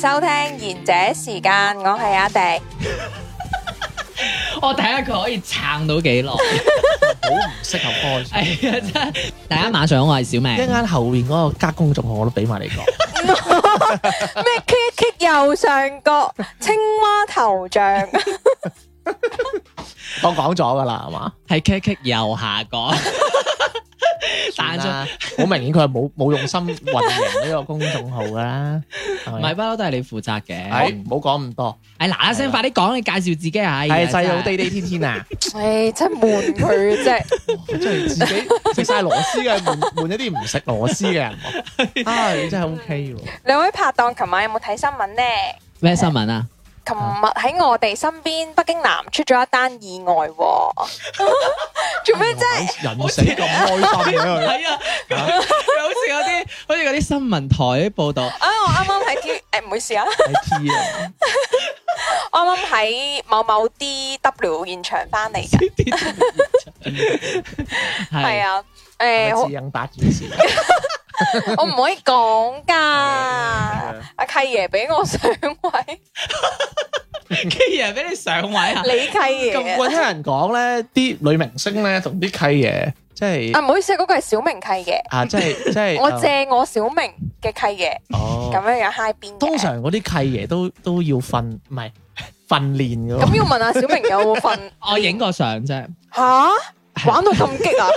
收聽賢者時間，我係阿迪。我睇下佢可以撐到幾耐，好唔適合開。大家晚上我係小明，啱啱後邊嗰個加公眾號我都俾埋你講。咩？kick kick 右上角青蛙頭像，我講咗㗎喇，係咪？係 kick kick 右下角。但係，好明顯佢係冇冇用心運營呢個公眾號噶啦，係咪？不嬲都係你負責嘅，唔好講咁多，哎，嗱嗱聲快啲講，你介紹自己下，係細佬地地天天啊，哎，真係悶佢嘅啫，即係自己食晒螺絲嘅，悶悶一啲唔食螺絲嘅人，啊，你真係 OK 喎，兩位拍檔，琴晚有冇睇新聞咧？咩新聞啊？琴日喺我哋身邊，北京南出咗一單意外，做咩啫？人死咁開心啊？係啊，好似嗰啲，好似嗰啲新聞台啲報導。 啊，我啱啱喺 T，唔、哎、好意思啊，喺 T 啊，啱啱喺某某 DW 現場翻嚟嘅，係啊，誒，好。我唔可以講噶，阿契爺俾我上位，契爺俾你上位啊？你契爺？我聽人講咧，啲女明星咧同啲契爺即係，啊唔好意思，嗰個係小明契爺，啊即係即係，我借我小明嘅契爺，哦，咁樣有嗨邊？通常嗰啲契爺都都要瞓，唔係訓練噶。咁要問下小明有冇瞓？我影個相啫。吓？玩到咁激啊！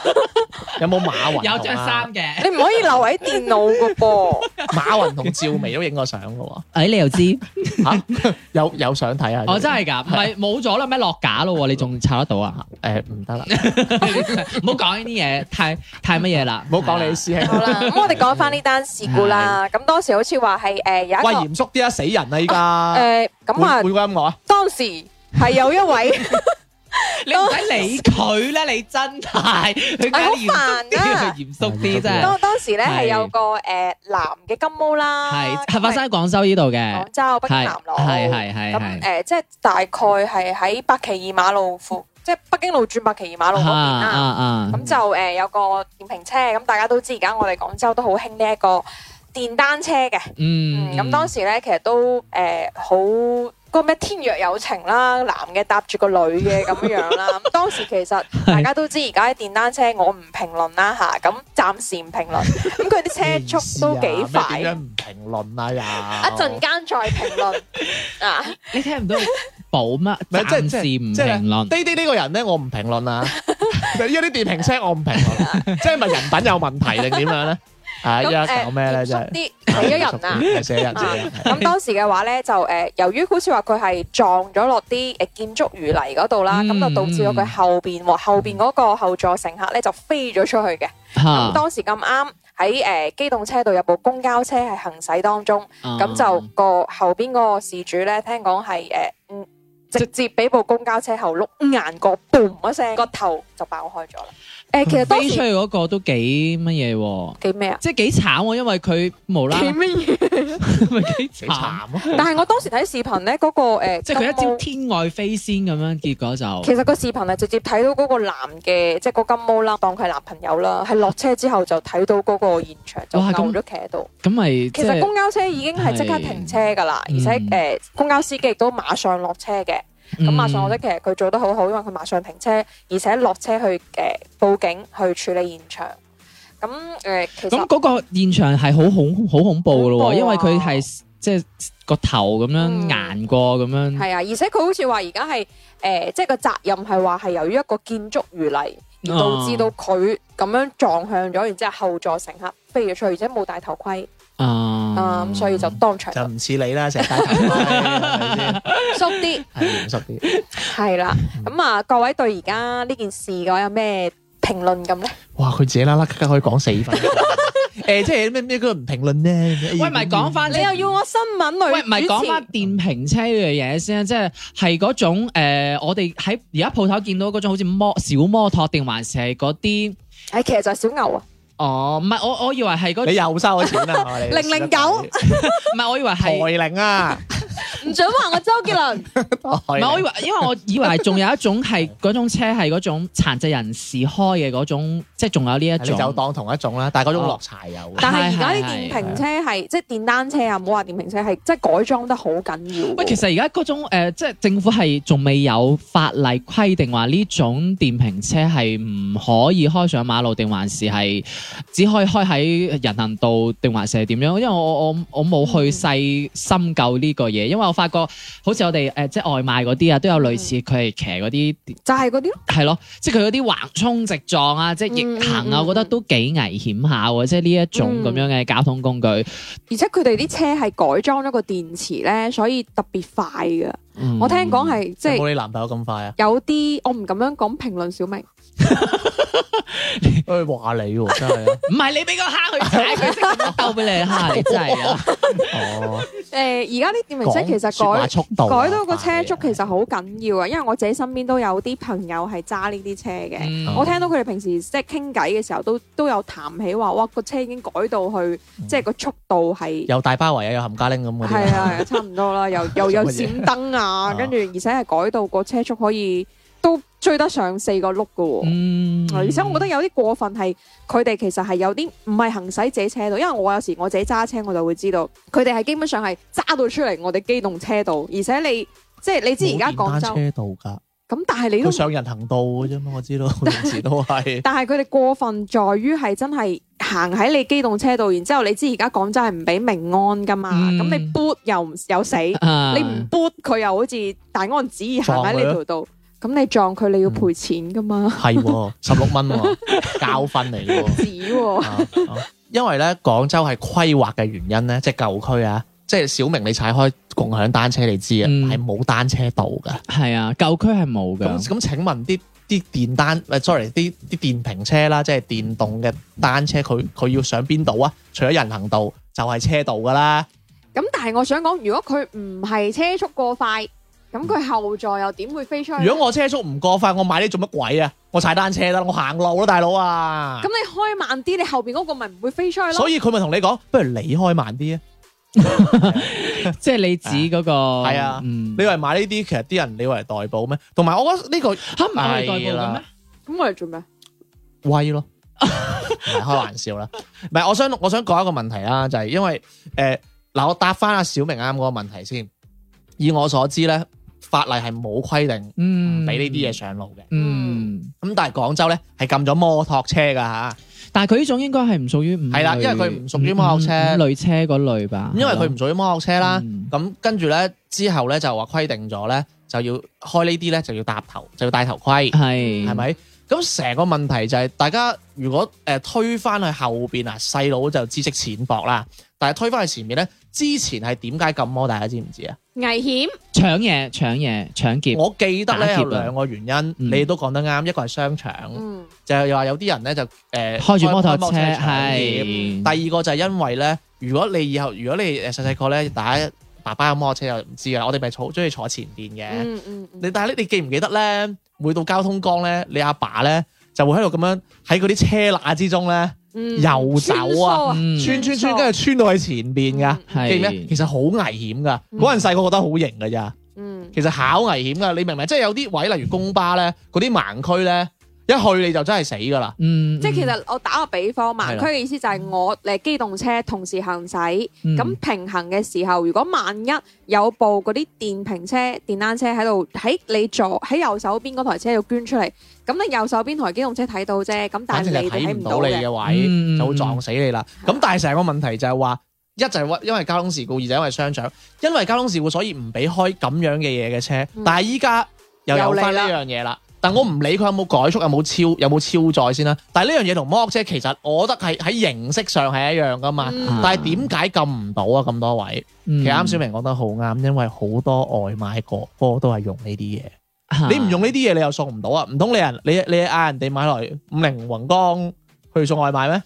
有冇馬雲？有着衫嘅，你唔可以留喺電腦噶噃。馬雲同趙薇都影過相噶喎。哎，你又知？吓，有有相睇啊！哦，真係噶，唔係冇咗啦，咩落架咯，你仲查得到啊？誒，唔得啦，唔好講呢啲嘢，太太乜嘢啦，唔好講你私事。好啦，咁我哋講翻呢單事故啦。咁當時好似話係誒有。喂，嚴肅啲啊！死人啦依家。誒，咁啊。換個音樂啊。當時係有一位。你唔使理佢咧，你真太，你好煩㗎，嚴肅啲，佢嚴肅啲啫。當當時咧，係有個誒男嘅金毛啦，係係發生喺廣州呢度嘅，廣州北京南路，係係係咁誒，即係大概係喺八旗二馬路，附即係北京路轉八旗二馬路嗰邊啦。咁就誒有個電瓶車，咁大家都知而家我哋廣州都好興呢一個電單車嘅。嗯，咁當時咧，其實都誒好。個咩天若有情啦，男嘅搭住個女嘅咁樣啦。當時其實大家都知，而家啲電單車我唔評論啦吓，咁暫時唔評論。咁佢啲車速都幾快。點解唔評論啊？又一陣間再評論，低低評論啊！你聽唔到補咩？暫時唔評論。滴滴呢個人咧，我唔評論啊。對於啲電瓶車，我唔評論。即係咪人品有問題定點樣咧？吓，一搞咩咧？就係熟啲，死咗人啊！死咗人，咁當時嘅話咧就誒，由於好似話佢係撞咗落啲誒建築淤泥嗰度啦，咁就導致咗佢後邊喎，後邊嗰個後座乘客咧就飛咗出去嘅。咁當時咁啱喺誒機動車道有部公交車係行駛當中，咁就個後邊嗰個事主咧聽講係誒直接俾部公交車後碌硬個，嘣一聲個頭就爆開咗啦。誒，其實飛出去嗰個都幾乜嘢，幾咩啊？即係幾慘，因為佢無啦。幾咩嘢？慘 啊！ 但係我當時睇視頻咧，嗰、那個誒，呃、即係佢一招天外飛仙咁樣，結果就其實個視頻係直接睇到嗰個男嘅，即、就、係、是、個金毛啦，當佢係男朋友啦，係落車之後就睇到嗰個現場樣就毆咗企喺度。咁咪其實公交車已經係即刻停車噶啦，嗯、而且誒、呃，公交司機亦都馬上落車嘅。咁馬上，我覺得其實佢做得好好，因為佢馬上停車，而且落車去誒、呃、報警去處理現場。咁、嗯、誒、呃，其實咁嗰個現場係好恐好恐怖嘅咯，啊、因為佢係即係個頭咁樣硬過咁樣。係、嗯、啊，而且佢好似話而家係誒，即係個責任係話係由於一個建築餘泥而導致到佢咁樣撞向咗，然之後後座乘客飛咗出嚟，而且冇戴頭盔。啊，咁所以就當場就唔似你啦，成日大頭縮啲係，縮啲係啦。咁啊，各位對而家呢件事嘅話有咩評論咁咧？哇，佢自拉啦，可以講死份。誒，即係咩咩嗰唔評論呢？喂，唔係講翻，你又要我新聞類？喂，唔係講翻電瓶車嘅嘢先，即係係嗰種誒，我哋喺而家鋪頭見到嗰種好似摩小摩托，定還是係嗰啲？誒，其實就係小牛啊。哦，唔係我我以為係嗰、那個，你又收錢啦，啊，零零九，唔係 我以為係零啊。 唔准話我周杰倫，唔係 是 我以為，因為我以為仲有一種係嗰種車係嗰種殘疾人士開嘅嗰種，即係仲有呢一種就當同一種啦。但係嗰種落柴油，但係而家啲電瓶車係、哦、即係電單車啊，唔好話電瓶車係即係改裝得好緊要。喂，其實而家嗰種誒、呃，即係政府係仲未有法例規定話呢種電瓶車係唔可以開上馬路，定還是係只可以開喺人行道，定還是係點樣？因為我我我冇去細深究呢個嘢。因為我發覺好似我哋誒、呃，即係外賣嗰啲啊，都有類似佢係騎嗰啲，就係嗰啲咯，係咯，即係佢嗰啲橫衝直撞啊，即係逆行啊，嗯、我覺得都幾危險下、啊，嗯、即係呢一種咁樣嘅交通工具。而且佢哋啲車係改裝咗個電池咧，所以特別快㗎、嗯。我聽講係即係冇你男朋友咁快啊。有啲我唔敢咁樣講評論，小明。哈哈哈！ 哎、你話 你真係，唔係你俾個蝦佢，踩佢識，鬥俾你蝦你真係啊！誒，而家啲電瓶車其實改速度改到個車速其實好緊要啊，因為我自己身邊都有啲朋友係揸呢啲車嘅，嗯、我聽到佢哋平時即係傾偈嘅時候都都有談起話，哇個車已經改到去，即係個速度係、嗯、有大包圍啊，有冚家拎咁嘅，係啊，係啊，差唔多啦， 又又有閃燈啊，跟住 而且係改到個車速可以。都追得上四個轆噶、哦，嗯、而且我覺得有啲過分係，佢哋、嗯、其實係有啲唔係行駛自己車道，因為我有時我自己揸車，我就會知道佢哋係基本上係揸到出嚟我哋機動車道，而且你即係你知而家廣州，機動車道噶，咁但係你都上人行道啫嘛，我知咯，以前都係。 但係佢哋過分在於係真係行喺你機動車道，然之後你知而家廣州係唔俾明安噶嘛，咁、嗯、你撥又唔有死，嗯、你唔撥佢又好似大安旨意行喺呢條道。咁你撞佢，你要賠錢噶嘛？係、嗯，十六蚊，教訓嚟嘅。止，因為咧廣州係規劃嘅原因咧，即係舊區啊，即係小明你踩開共享單車你知啊，係冇、嗯、單車道噶。係啊，舊區係冇嘅。咁咁，請問啲啲電單，sorry，啲啲電瓶車啦，即係電動嘅單車，佢佢要上邊度啊？除咗人行道，就係車道噶啦。咁但係我想講，如果佢唔係車速過快。咁佢後座又點會飛出去？去？如果我車速唔過快，我買呢做乜鬼啊？我踩單車啦，我行路啦，大佬啊！咁你開慢啲，你後邊嗰個咪唔會飛出去咯？所以佢咪同你講，不如你開慢啲啊！即係你指嗰個係啊？嗯、你以為買呢啲，其實啲人你以為代步咩？同埋我覺得呢、這個吓唔係代步嘅咩？咁了我嚟做咩？威咯了， 開玩笑啦！唔係我想我想講一個問題啦，就係、是、因為誒嗱、呃，我答翻阿小明啱嗰個問題先。以我所知咧。法例係冇規定，嗯嗯，嗯，俾呢啲嘢上路嘅，嗯。咁但係廣州咧，係禁咗摩托車噶嚇。但係佢呢種應該係唔屬於五類，係啦，因為佢唔屬於摩托車，5, 5, 5, 5, 5類車嗰類吧。因為佢唔屬於摩托車啦。咁、嗯嗯嗯、跟住咧，之後咧就話規定咗咧，就要開呢啲咧就要搭頭，就要戴頭盔，係係咪？咁成個問題就係、是、大家如果誒推返去後邊啊，細佬就知識淺薄啦。但係推返去前面咧，之前係點解咁魔？大家知唔知啊？危險險，搶嘢，搶嘢，搶劫。我記得咧有兩個原因，你都講得啱。嗯、一個係商場，嗯、就係又話有啲人咧就誒、呃、開住摩托車搶嘢。是第二個就因為咧，如果你以後如果你細細個咧，大家爸爸有摩托車又唔知啦，我哋咪坐鍾意坐前邊嘅。嗯嗯。但你但係你記唔記得咧？每到交通燈咧，你阿爸咧就會喺度咁樣喺嗰啲車罅之中咧。游走啊，嗯、穿穿穿，跟住穿到喺前邊噶，嗯、記唔記？其實好危險噶，嗰陣細個覺得好型噶咋，嗯，其實好危險噶，你明唔明？即係有啲位，例如公巴咧，嗰啲盲區咧。一去你就真係死噶啦！嗯嗯、即係其實我打個比方，盲區嘅意思就係我誒機動車同時行駛，咁、嗯、平衡嘅時候，如果萬一有部嗰啲電瓶車、電單車喺度喺你左喺右手邊嗰台車度捐出嚟，咁你右手邊台機動車睇到啫，咁但係你睇唔到你嘅位，嗯、就會撞死你啦。咁、嗯、但係成個問題就係話，一就係因為交通事故，二就因為相撞，因為交通事故所以唔俾開咁樣嘅嘢嘅車，嗯、但係依家又有返呢樣嘢啦。但我唔理佢有冇改速，有冇超，有冇超載先啦。但係呢樣嘢，同摩托車其實我覺得係喺形式上係一樣噶嘛。嗯、但係點解禁唔到啊？咁多位，嗯、其實啱小明講得好啱，因為好多外賣個科都係用呢啲嘢。嗯、你唔用呢啲嘢，你又送唔到啊？唔通你人你你嗌人哋買嚟五菱宏光去送外賣咩？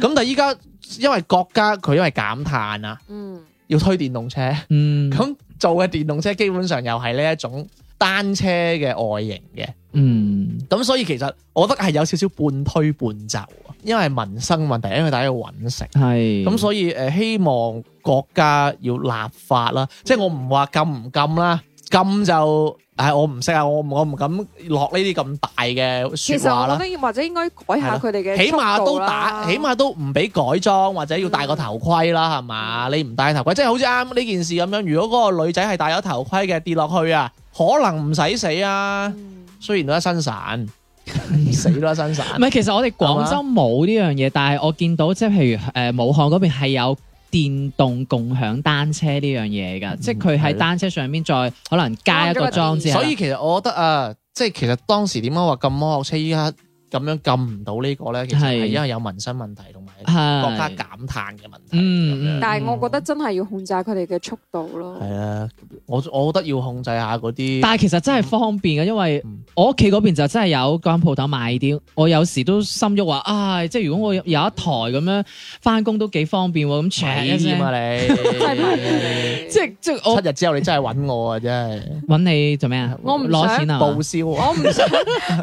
咁 但係依家因為國家佢因為減碳啊，嗯、要推電動車，咁、嗯嗯、做嘅電動車基本上又係呢一種。單車嘅外形嘅，嗯，咁所以其實我覺得係有少少半推半就，因為民生問題，因為大家要揾食，係咁是所以誒、呃，希望國家要立法啦，即係我唔話禁唔禁啦，禁就誒我唔識啊，我我唔敢落呢啲咁大嘅說話啦。其實我覺得或者應該改下佢哋嘅，起碼都打，起碼都唔俾改裝或者要戴個頭盔啦，係嘛、嗯？你唔戴頭盔，即係好似啱呢件事咁樣，如果嗰個女仔係戴咗頭盔嘅跌落去啊！可能唔使死啊，雖然都一身散， 死都一身散。唔係，其實我哋廣州冇呢樣嘢，吧但係我見到即係譬如誒、呃、武漢嗰邊係有電動共享單車呢樣嘢㗎，即係佢喺單車上面再可能加一個裝置、嗯。所以其實我覺得啊，即、呃、係其實當時點解話禁摩托車，依家。咁樣禁唔到呢個咧，其實係因為有民生問題同埋國家減碳嘅問題。但係我覺得真係要控制佢哋嘅速度咯。係啊、嗯，我我覺得要控制下嗰啲。但係其實真係方便嘅，因為我屋企嗰邊就真係有間鋪頭賣啲。我有時都心喐話，唉、哎，即係如果我有一台咁樣返工都幾方便喎。咁扯嘅啫嘛，啊、你係即係即係我七日之後你真係揾我啊！真係揾你做咩啊？我唔攞錢啊！報銷，我唔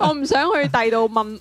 我唔想去第度問。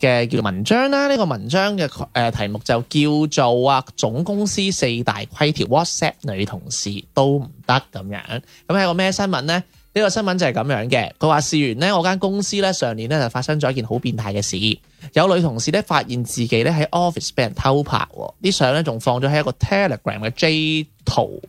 嘅叫文章啦，呢個文章嘅誒題目就叫做啊，總公司四大規條，WhatsApp 女同事都唔得咁樣。咁係個咩新聞呢？呢個新聞就係咁樣嘅。佢話試完呢，我間公司呢上年呢就發生咗一件好變態嘅事，有女同事呢發現自己呢喺 office 俾人偷拍，啲相呢仲放咗喺一個 Telegram 嘅 J 圖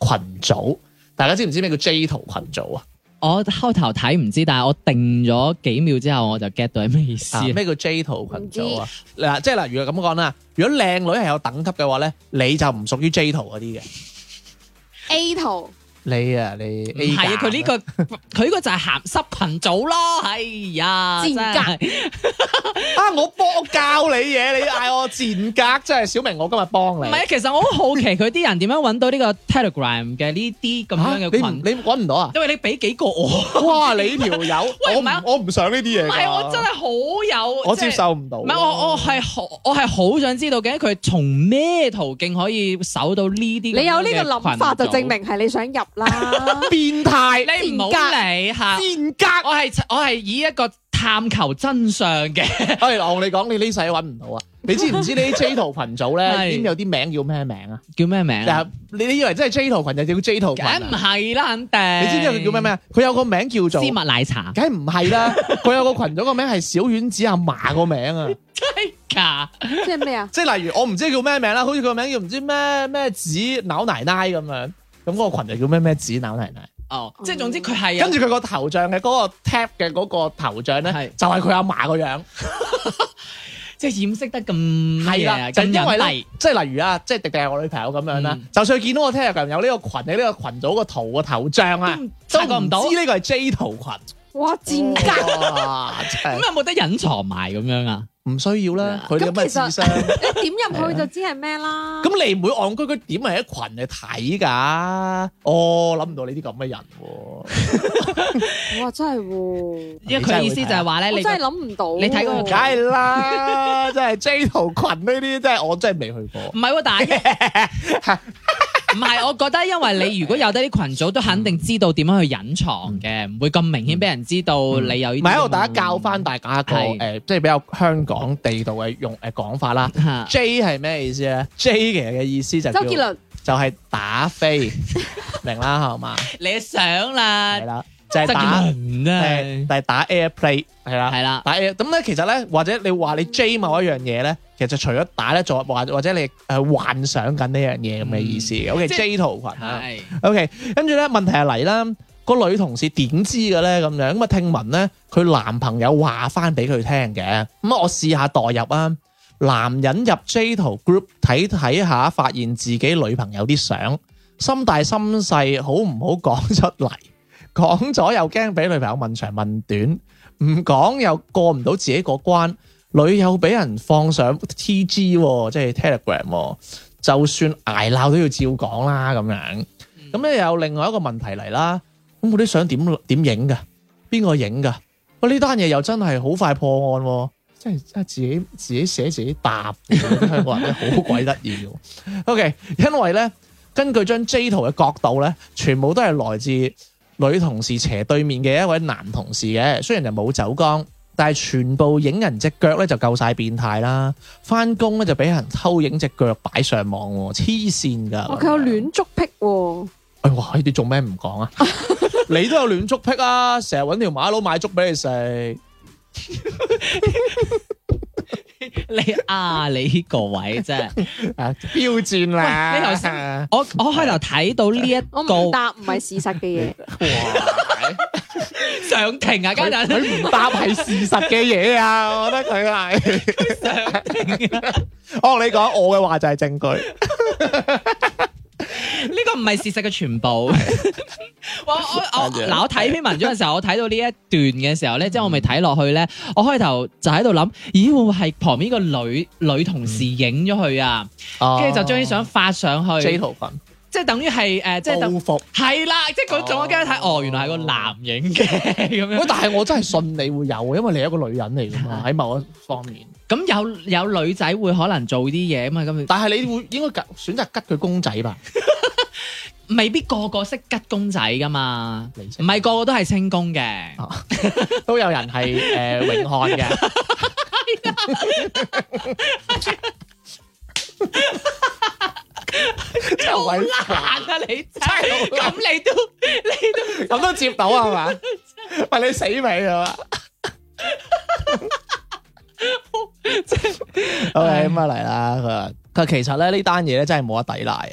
群組。大家知唔知咩叫 J 圖群組啊？我開頭睇唔知，但係我定咗幾秒之後，我就 get 到係咩意思咩，啊，咩叫 J 圖群組啊？嗱，啊，即係嗱，如果咁講啦，如果靚女係有等級嘅話咧，你就唔屬於 J 圖嗰啲嘅 A 圖。你啊，你你，係啊，這個，佢呢個佢個就係鹹濕群組咯，哎呀，賤格 啊！我幫我教你嘢，你嗌我賤格，即係 小明，我今日幫你。唔係，其實我好好奇佢啲人點樣搵到呢個 Telegram 嘅呢啲咁樣嘅群，啊、你你搵唔到啊？因為你俾幾個我， 哇！你條友，我唔，我唔想呢啲嘢。唔係，我真係好有，我接受唔到。唔係，就是，我我係好我係好想知道究竟佢從咩途徑可以搜到呢啲。你有呢個諗法，就證明係你想入。啦，變態，你唔好理吓，變格。我係我係以一個探求真相嘅。哎，我同你講，你呢世搵唔到啊？你知唔知你啲 J 圖群組咧，邊有啲名叫咩名啊？叫咩名？你你以為真係 J 圖群就叫 J 圖群？梗唔係啦，肯定。你知唔知佢叫咩名？佢有個名叫做絲襪奶茶。梗唔係啦，佢有個群組個名係小丸子阿嫲個名啊。真噶？即係咩啊？即係例如我唔知叫咩名啦，好似個名叫唔知咩咩子扭奶奶咁樣。咁嗰個羣就叫咩咩子奶奶哦，即係總之佢係跟住佢、那個、個頭像嘅嗰個 tap 嘅嗰個頭像咧，是就係佢阿嫲個樣， 即係掩飾得咁係啦。就因為咧，即係例如啊，即係迪迪係我女朋友咁樣啦，嗯、就算見到我聽日有呢個群，嘅呢個群組個圖個頭像啊，都唔不到知呢個係 J 圖群。哇！賤格，咁有冇得隱藏埋咁樣啊？唔需要啦。佢咁其實你點入去就知係咩啦。咁你唔會戇居居點係一群嚟睇噶？哦，諗唔到你啲咁嘅人。哇！真係，因為佢意思就係話咧，你真係諗唔到。你睇過，梗係啦，真係 J 圖群呢啲真係我真係未去過。唔係喎，但係。唔係， 我覺得因為你如果有得啲群組，都肯定知道點樣去隱藏嘅，唔、嗯、會咁明顯俾人知道你有呢啲、嗯。唔係、嗯，大家教翻大家一個誒的、呃，即係比較香港地道嘅用誒、呃、講法啦的。J 係咩意思咧？J 其實嘅意思就係、周杰倫就係打飛， 明啦好嘛？你想啦。就係打，但係打 AirPlay 係啦，係啦、欸，打 Air 咁咧。啦 Air, 其實咧，或者你話你 J 某一樣嘢咧，其實除咗打咧，做或或者你誒、呃、幻想緊呢樣嘢咁嘅意思 O K J 圖群，O K 跟住咧，問題係嚟啦。個女同事點知嘅咧咁樣咁啊？聽聞咧，佢男朋友話返俾佢聽嘅。咁啊，我試下代入啊，男人入 J 圖 group 睇睇下，發現自己女朋友啲相，心大心細，好唔好講出嚟？講咗又驚俾女朋友問長問短，唔講又過唔到自己個關。女友又俾人放上 T G，即係 Telegram。就算挨鬧都要照講啦，咁樣。咁咧又有另外一個問題嚟啦。咁我啲相點點影噶？邊個影噶？我呢單嘢又真係好快破案，即係即係自己自己寫自己答，香港人好鬼得意。O K，因為咧根據張 J 圖嘅角度咧，全部都係來自。女同事斜對面嘅一位男同事嘅，雖然就冇走光，但係全部影人隻腳咧就夠晒變態啦！返工咧就俾人偷影隻腳擺上網，黐線㗎！我有戀足癖喎、哦！哎哇！你做咩唔講啊？ 你都有戀足癖啊！成日揾條馬騮買粥俾你食。 你啊，你個位啫，標準啦。我、這個、 我開頭睇到呢一我唔答唔係事實嘅嘢。 哇， 上庭啊，家陣佢唔答係事實嘅嘢啊， 我覺得佢係、啊。 我同你講，我嘅話就係證據。 呢個唔係事實嘅全部。我我我嗱，我睇篇文章嘅時候，我睇到呢一段嘅時候咧，即係我未睇落去咧，我開頭就喺度諗，咦，會唔會係旁邊個女女同事影咗佢啊？跟住就將啲相發上去。即係等於係誒，即係報復。係啦，即係佢仲我驚睇，哦，原來係個男影嘅咁樣。但係我真係信你會有，因為你係一個女人嚟噶嘛，喺某一方面。咁有有女仔會可能做啲嘢啊嘛，咁但係你會應該揀選擇吉佢公仔吧？未必個個識吉公仔噶嘛，唔係個個都係清功嘅，都有人係誒永漢嘅。好難啊，你真係咁，你都你都咁都接到係嘛？喂，你死未係嘛？O K 咁啊嚟啦，佢話佢其實咧呢單嘢咧真係冇得抵賴。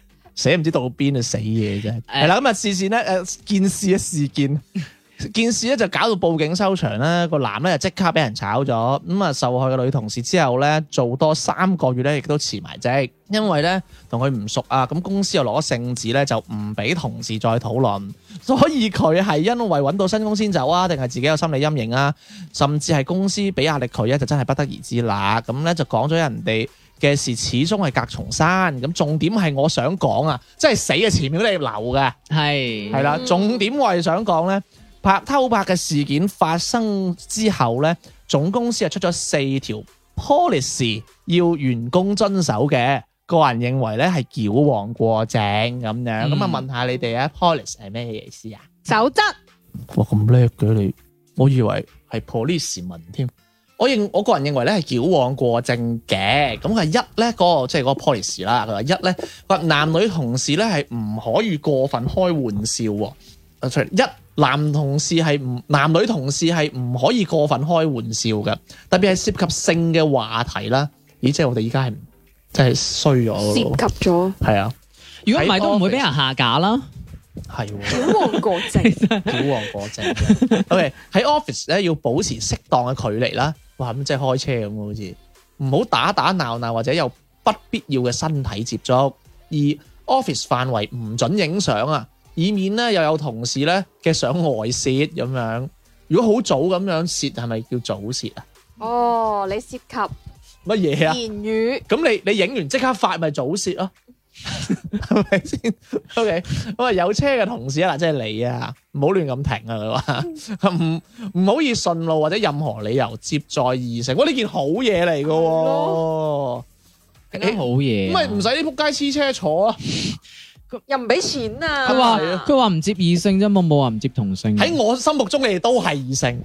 死唔知到邊就死嘢啫，係啦咁啊！事事呢，誒，件事嘅事件，件事咧就搞到報警收場啦。個男咧就即刻俾人炒咗，咁啊，受害嘅女同事之後咧做多三個月咧，亦都辭埋職，因為咧同佢唔熟啊，咁公司又攞聖旨咧就唔俾同事再討論，所以佢係因為搵到新工先走啊，定係自己有心理陰影啊，甚至係公司俾壓力佢咧就真係不得而知啦。咁咧就講咗人哋嘅事始終係隔重山，咁重點係我想講啊，即係死嘅前面你要留嘅，係係啦。重點我係想講咧，拍偷拍嘅事件發生之後咧，總公司係出咗四條 policy 要員工遵守嘅。個人認為咧係矯枉過正咁樣。咁啊，問下你哋啊，policy 係咩意思啊？守則。哇，咁叻嘅你，我以為係 police 文添。我認，我個人認為咧係矯枉過正嘅。咁啊，一咧嗰，那個、即係嗰 policy 啦，佢話一咧話男女同事咧係唔可以過分開玩笑喎。一男同事係唔，男女同事係唔可以過分開玩笑嘅，特別係涉及性嘅話題啦。咦，即係我哋依家係即係衰咗涉及咗。係啊，如果唔係都唔會俾人下架啦。係矯枉過正，矯枉 過正。OK，喺 office 咧要保持適當嘅距離啦。即係開車咁，好似唔好打打鬧鬧，或者有不必要嘅身體接觸。而 Office 範圍唔准影相啊，以免咧又有同事咧嘅相外泄咁樣。如果好早咁樣泄，係咪叫早泄啊？哦，你涉及乜嘢啊？言語。咁你你影完即刻發，咪早泄咯？係咪先？OK，咁啊，有車嘅同事啊，即係你啊，唔好亂咁停啊，佢話唔唔可以順路或者任何理由接載異性？喂，呢件好嘢嚟㗎，呢件吧、欸、好嘢、啊。喂，唔使仆街黐車坐咯， 又唔俾錢啊？佢話佢話唔接異性啫，嘛？冇話唔接同性？喺我心目中，你哋都係異性。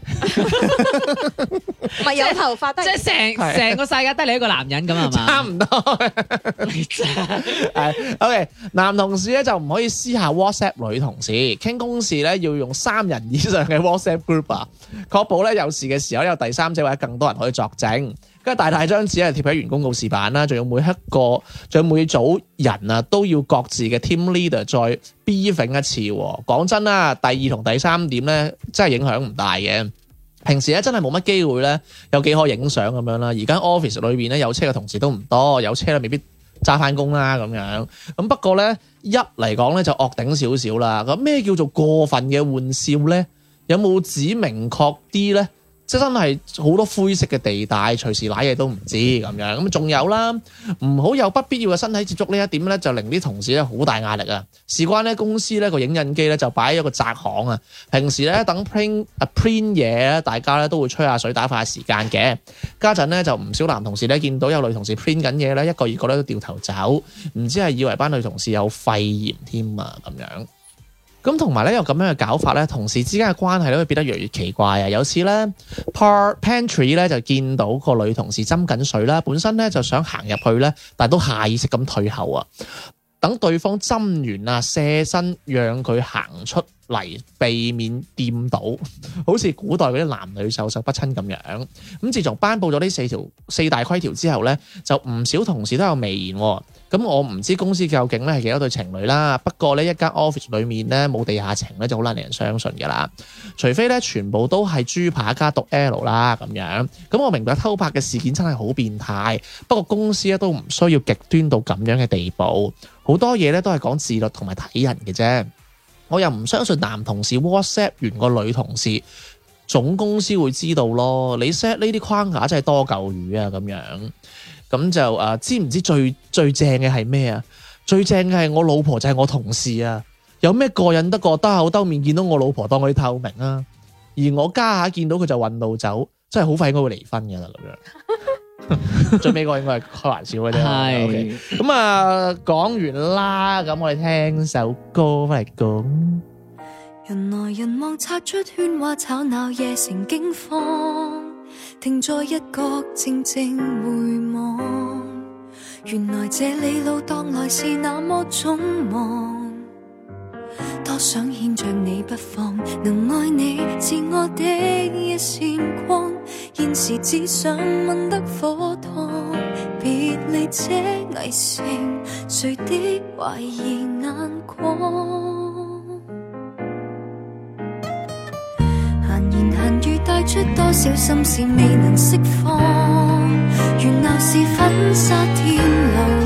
咪係有頭髮， 即係成成個世界得你一個男人咁啊嘛，差唔多。真 OK，男同事咧就唔可以私下 WhatsApp 女同事，傾 公事咧要用三人以上嘅 WhatsApp group 啊，確保咧有事嘅時候有第三者或者更多人可以作證。跟住大大張紙係貼喺員工告示板啦，仲要每一個，仲有每組人啊都要各自嘅 team leader 再 brief 一次。講真啦，第二同第三點咧真係影響唔大嘅。平時真係冇乜機會咧，有幾可影相咁樣啦。而家 office 裏邊咧有車嘅同事都唔多，有車咧未必揸翻工啦咁樣。咁不過咧一嚟講咧就惡頂少少啦。咁咩叫做過分嘅玩笑咧？有冇指明確啲咧？真係好多灰色嘅地帶，隨時攋嘢都唔知咁樣。咁仲有啦，唔好有不必要嘅身體接觸呢一點咧，就令啲同事咧好大壓力啊。事關呢，公司呢個影印機咧就擺喺一個窄巷啊。平時咧等 print 啊 print 嘢，大家咧都會吹下水打發下時間嘅。家陣咧就唔少男同事咧見到有女同事 print 緊嘢咧，一個二個咧都掉頭走，唔知係以為班女同事有肺炎添啊咁樣。咁同埋咧，有咁樣嘅搞法咧，同事之間嘅關係咧會變得越嚟越奇怪啊！有次咧，喺 pantry 咧就見到個女同事斟緊水啦，本身咧就想行入去咧，但係都下意識咁退後啊。等對方針完啊，卸身讓佢行出嚟，避免掂到，好似古代嗰啲男女授受不親咁樣。咁自從頒布咗呢四條四大規條之後呢，就唔少同事都有微言。咁、嗯、我唔知公司究竟咧係幾多對情侶啦。不過呢，一間 office 裏面呢，冇地下情咧，就好難令人相信㗎喇。除非呢，全部都係豬扒加毒 L 啦咁樣。咁、嗯、我明白偷拍嘅事件真係好變態，不過公司咧都唔需要極端到咁樣嘅地步。好多嘢咧都係講自律同埋睇人嘅啫，我又唔相信男同事 WhatsApp 完個女同事，總公司會知道咯。你 set 呢啲框架真係多舊魚啊咁樣，咁就誒、啊、知唔知最最正嘅係咩啊？最正嘅係我老婆就係我同事啊，有咩過癮得過兜口兜面見到我老婆當佢透明啊，而我家下見到佢就混路走，真係好快應該會離婚噶啦咁樣。 最尾個應該係開玩笑嘅啫，Okay，咁啊講完啦，咁我哋聽首歌返嚟講。人來人往擦出喧嘩吵鬧，夜城驚慌，停在一角靜靜回望，原來這裏路當來是那麼匆忙。多想牽着你不放，能愛你是我的一線光。現時只想吻得火燙，別理這偽情，誰的懷疑眼光。閒言閒語帶出多少心事未能釋放，原來是婚紗天堂。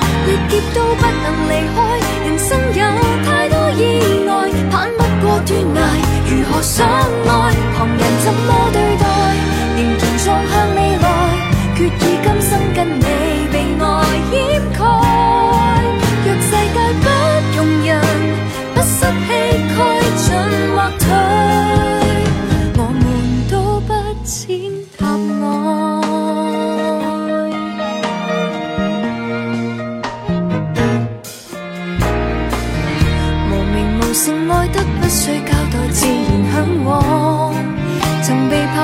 歷劫都不能離開，人生有太多意外，攀不過斷崖，如何相愛，旁人怎麼對待，仍然撞向未來，決意。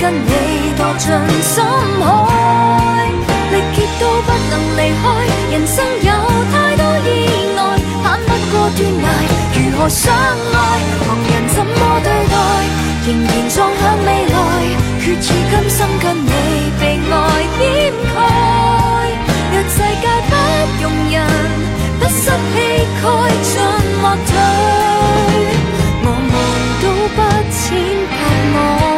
跟你墮進深海，力竭都不能離開。人生有太多意外，攀不過斷崖，如何相愛？旁人怎麼對待，仍然撞向未來。決意今生跟你被愛掩蓋。若世界不容人，不失氣概盡莫退，我望都不淺白我。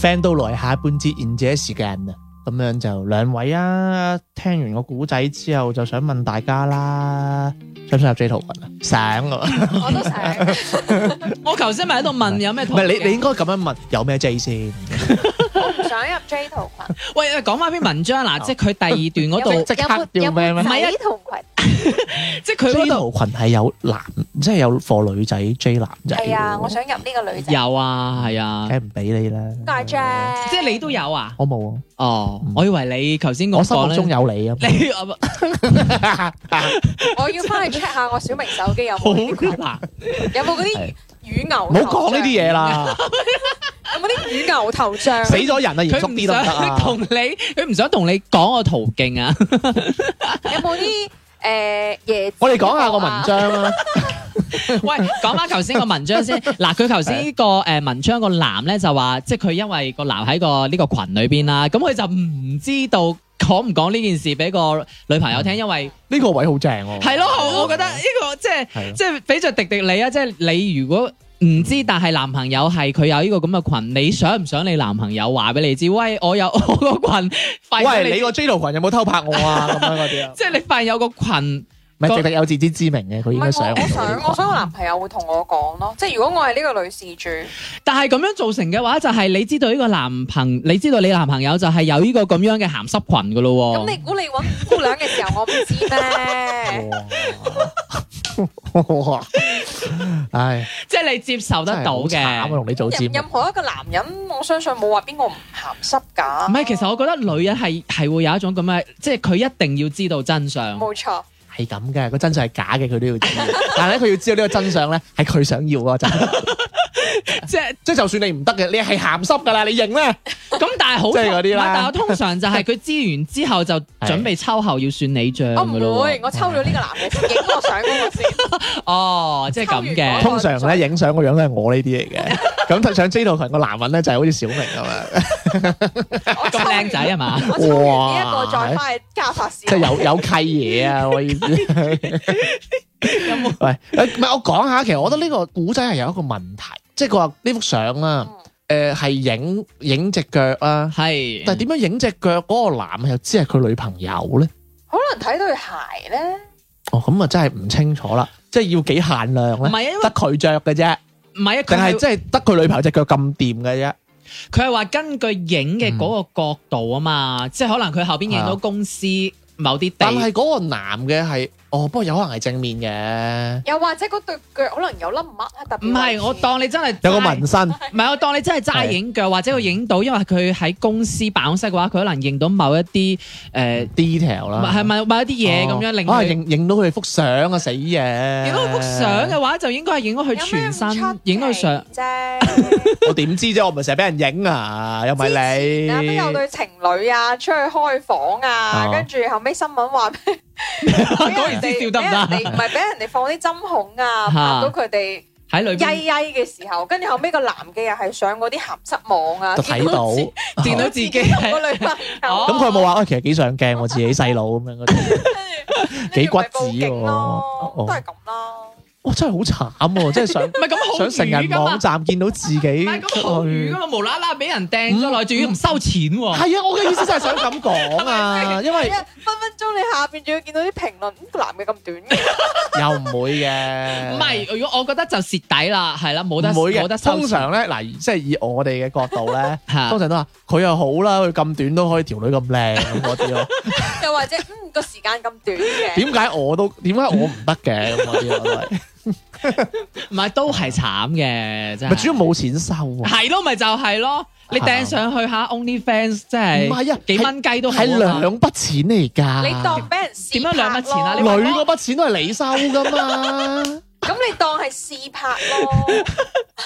friend 都來下半節賢者時間啊，咁樣就兩位啊，聽完個古仔之後，就想問大家啦，想唔想入 J 圖群啊？醒個、啊、 我都也醒。我頭先咪喺度問有咩圖，唔係，你你應該咁樣問有咩 J 先。 想入 J 圖群？喂，講翻篇文章啊，嗱，即係佢第二段嗰度即刻叫咩唔係啊，J 圖群，即係 J 圖群係有男，即係有貨女仔 J 男仔。係啊，我想入呢個女仔。有啊，係啊，梗唔俾你啦，大 J，即係你都有啊？我冇啊。哦，我以為你頭先我心中有你啊。你，我要翻去 check 下我小明手機有冇啲群啊？有冇嗰啲？乳牛，唔好講呢啲嘢啦。有冇啲乳牛頭像？ 死咗人啊，嚴肅啲得啦。佢同你，佢唔想同你講個途徑啊 有有。有冇啲誒嘢？啊、我哋講下個文章啦。 喂，講翻頭先個文章先，嗱，佢頭先呢個誒文章個男咧就話，即係佢因為男個男喺個呢個群裏邊啦，咁佢 就唔知道講唔講呢件事俾個女朋友聽，因為呢個位好正，啊。係咯，我我覺得呢、這個即係即係俾着迪迪你啊，即係你如果唔知， 但係男朋友係佢有呢個咁嘅群，你想唔想你男朋友話俾你知？喂，我有我個群，快你個 J 羅群有冇偷拍我啊？咁樣嗰啲啊，即係你快有個群。唔係，直直有自知之明嘅佢應該想，我想，我想我男朋友會同我講咯，即係如果我係呢個女事主，但係咁樣造成嘅話，就係、是、你知道呢個男朋，你知道你男朋友就係有呢個咁樣嘅鹹濕群噶咯。咁你估你搵姑娘嘅時候， 我唔知咩？唉，即係你接受得到嘅。真係好慘，我同、啊、你做知任。任何一個男人，我相信冇話邊個唔鹹濕噶。唔係，其實我覺得女人係係會有一種咁嘅，即係佢一定要知道真相。冇錯。係咁嘅，個真相係假嘅，佢都要知。但係咧，佢要知道呢個真相咧，係佢想要嗰陣。即係即係，就算你唔得嘅，你係鹹濕噶啦，你認咩？咁但係好，即係嗰啲啦。但係我通常就係佢知完之後就準備秋後要算你賬。我唔會，我抽咗呢個男嘅影過相嗰個先。哦，即係咁嘅。通常咧，影相個樣都係我呢啲嚟嘅。咁睇上 J 到群個男人咧，就係好似小明咁樣咁靚仔啊嘛。哇！呢一個再翻去加法先。即係有有契爺啊！我意思。喂，誒，唔係，我講下，其實我覺得呢個古仔係有一個問題，即係佢話呢幅相啊，誒，係影影隻腳啊，係，但係點樣影隻腳嗰個男又知係佢女朋友咧？可能睇對鞋咧。哦，咁啊，真係唔清楚啦，即係要幾限量咧？唔係啊，得佢着嘅啫。唔係一定，係真係得佢女朋友隻腳咁掂嘅啫？佢係話根據影嘅嗰個角度啊嘛，即係可能佢後邊影到公司某啲地，但係嗰個男嘅係。哦，不過有可能係正面嘅，又或者嗰對腳可能有粒物啊，特別唔係我當你真係有個紋身，唔係我當你真係揸影腳，或者佢影到，因為佢喺公司辦公室嘅話，佢可能認到某一啲誒 detail 啦，係咪某一啲嘢咁樣令，可能影影到佢幅相啊死嘢！如果幅相嘅話，就應該係影到佢全身，影佢相啫。我點知啫？我唔係成日俾人影啊，又咪你邊有對情侶啊？出去開房啊？跟住後尾新聞話咩？果然時笑得唔得，你唔係俾人哋家放啲針孔啊，拍到佢哋喺裏邊曳曳嘅時候，跟住後尾個男嘅又係上嗰啲鹹濕網啊，就睇到見到自己個女朋友。咁佢有冇話啊？其實幾上鏡我、啊、自己細佬咁樣，跟住幾骨子咯， 都係咁咯。真係好慘喎！即係想唔係咁好成人網站見到自己，係咁無語噶嘛？無啦啦俾人掟，唔係仲要唔收錢喎？係啊！我嘅意思就係想咁講啊，因為分分鐘你下邊仲要見到啲評論，男嘅咁短，嘅，又唔會嘅，唔係如果我覺得就蝕底啦，係啦，冇得冇得。通常咧嗱，即係以我哋嘅角度咧，通常都話佢又好啦，佢咁短都可以條女咁靚咁嗰啲咯，又或者嗯個時間咁短嘅，點解我都點解我唔得嘅咁嗰啲？.唔係 都係慘嘅，真係主要冇錢收，啊，係咯，咪就係、係、咯，你掟上去下 OnlyFans，即係唔係啊？幾蚊雞都係兩筆錢嚟噶，你當俾人點兩筆錢啊？女嗰筆錢、啊、錢都係你收噶嘛？ 咁你當係試拍咯，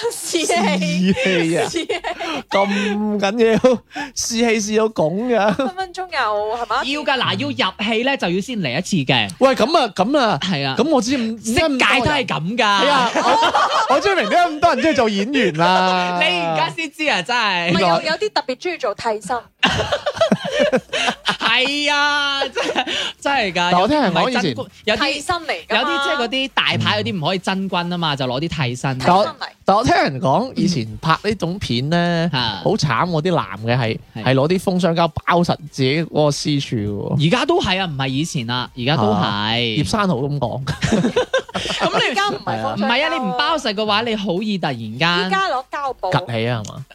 試戲啊，咁緊戲要試戲試到咁噶，試試分分鐘又係嘛？是是要噶嗱，要入戲咧就要先嚟一次嘅。嗯、喂，咁啊，咁啊，係啊，咁我知唔釋戒都係咁噶。我 我終於明點解咁多人中意做演員啦。 你而家先知啊，真係。唔係有有啲特別中意做替身。 係啊，真真係噶。我聽人講以前有替身嚟，有啲即係嗰啲大牌，有啲唔可以真君啊嘛，就攞啲替身。但我聽人講以前拍呢種片咧，好慘，嗰啲男嘅係係攞啲封箱膠包實自己個私處。而家都係啊，唔係以前啦，而家都係。葉山豪咁講。咁你而家唔係啊？你唔包實嘅話，你好易突然間而家攞膠布夾起啊嘛？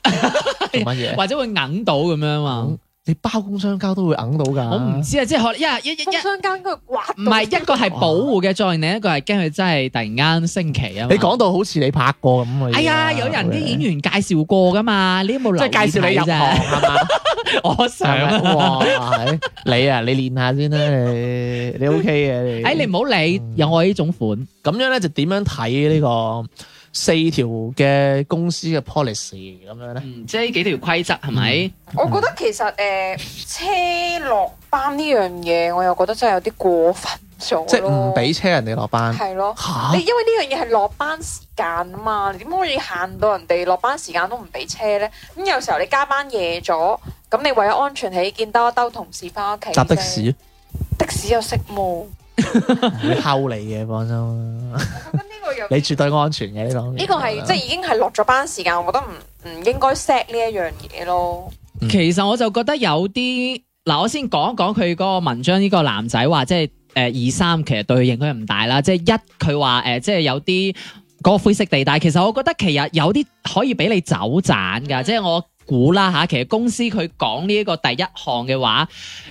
做乜嘢？或者會硬到咁樣啊？你包工商家都會揞到㗎？我唔知啊，即係可能一一一。商家佢刮。唔係一個係保護嘅作用，另一個係驚佢真係突然間升期啊！你講到好似你拍過咁啊！哎呀，有人啲演員介紹過㗎嘛？你有冇留意？即係介紹你入行係嘛？我想喎，係你啊！你練下先啦，你你 OK 嘅。哎，你唔好理，有我呢種款咁樣咧，就點樣睇呢個？四條嘅公司嘅 policy 咁樣咧、嗯，即係呢幾條規則係咪？是是嗯、我覺得其實誒、呃，車落班呢樣嘢，我又覺得真係有啲過分咗。即係唔俾車人哋落班。係咯的，吓？你因為呢樣嘢係落班時間啊嘛，你點可以限到人哋落班時間都唔俾車咧？咁有時候你加班夜咗，咁你為咗安全起見兜一兜同事翻屋企搭的士，的士又識冇？會，敲你嘅放心。你絕對安全嘅呢個，呢個係即係已經係落咗班時間，我覺得唔唔應該 set 呢一樣嘢咯。嗯、其實我就覺得有啲，嗱我先講一講佢嗰個文章，呢、呢個男仔話即係誒、呃、二三，其實對佢影響唔大啦。即係一，佢話誒即係有啲嗰個灰色地帶，其實我覺得其實有啲可以俾你走盞㗎，嗯、即係我。估啦嚇，其實公司佢講呢一個第一項嘅話，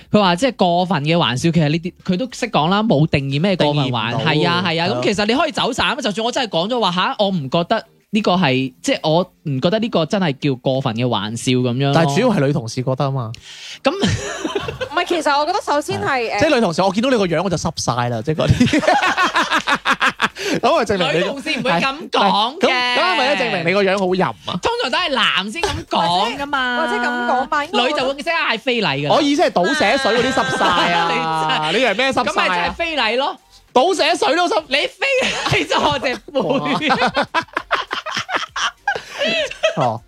佢話即係過分嘅玩笑。其實呢啲佢都識講啦，冇定義咩過分嘅玩笑。係啊係啊。咁、啊啊、其實你可以走散啊，就算我真係講咗話嚇，我唔覺得呢個係即係我唔覺得呢個真係叫過分嘅玩笑咁樣。但係主要係女同事覺得啊嘛。咁、嗯。 其實我覺得首先係，即係女同事，我見到你個樣我就濕晒啦，即係嗰啲。咁啊，證明女同事唔會咁講嘅。咁啊，為咗證明你個樣好淫啊？通常都係男先咁講噶嘛，或者咁講嘛，女就會即刻係非禮㗎啦。我意思係倒瀉水嗰啲濕晒啊！你你係咩濕晒？咁咪就係非禮咯，倒瀉水都濕，你非禮咗我只背。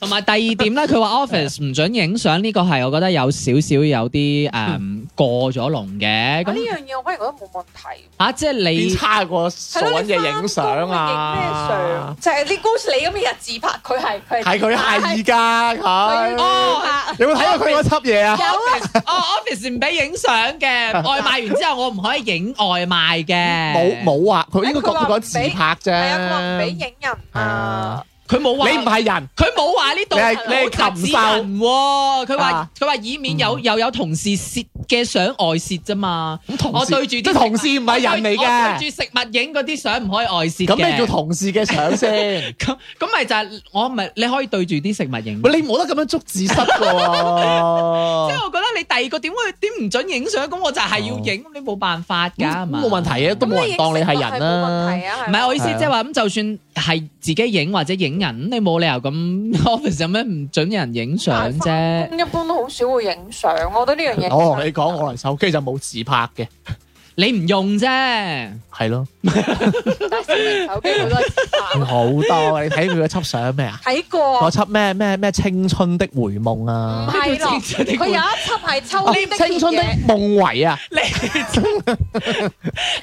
同埋第二點咧，佢話 office 唔准影相，呢個係我覺得有少少有啲誒過咗龍嘅。咁呢樣嘢，我反而覺得冇問題。吓，即係你差過搵嘢影相啊？影咩相？即係你 g 你咁一日自拍，佢係佢係。佢係依家，吓哦！有冇睇過佢嗰輯嘢啊？office，哦，office 唔俾影相嘅，外賣完之後我唔可以影外賣嘅。冇冇啊？佢應該講佢講自拍啫。係啊，佢話唔俾影人啊。佢冇話你唔係人，佢冇話呢度冇禁止人，佢話佢話，以免有又有同事攝嘅相外泄啫嘛。我對住啲同事唔係人嚟嘅，對住食物影嗰啲相唔可以外泄。咁咩叫同事嘅相先？咁咁咪就係我，咪你可以對住啲食物影。你冇得咁樣捉字蝨喎。即係我覺得你第二個點會點唔準影相？咁我就係要影，你冇辦法㗎嘛。冇問題嘅，都冇人當你係人啦。唔係我意思，即係話咁，就算係自己影或者影。人你冇理由咁 office 有咩唔准人影相啫？一般都好少會影相，我覺得呢樣嘢。哦，我同你講，我嚟手機就冇自拍嘅。你唔用啫，係咯對了？但係新手機好多，好多。你睇佢嘅輯相咩啊？睇過。嗰輯咩咩咩青春的回夢啊？係咯。佢有一輯係秋天的嘅。啊、青春的夢維啊！你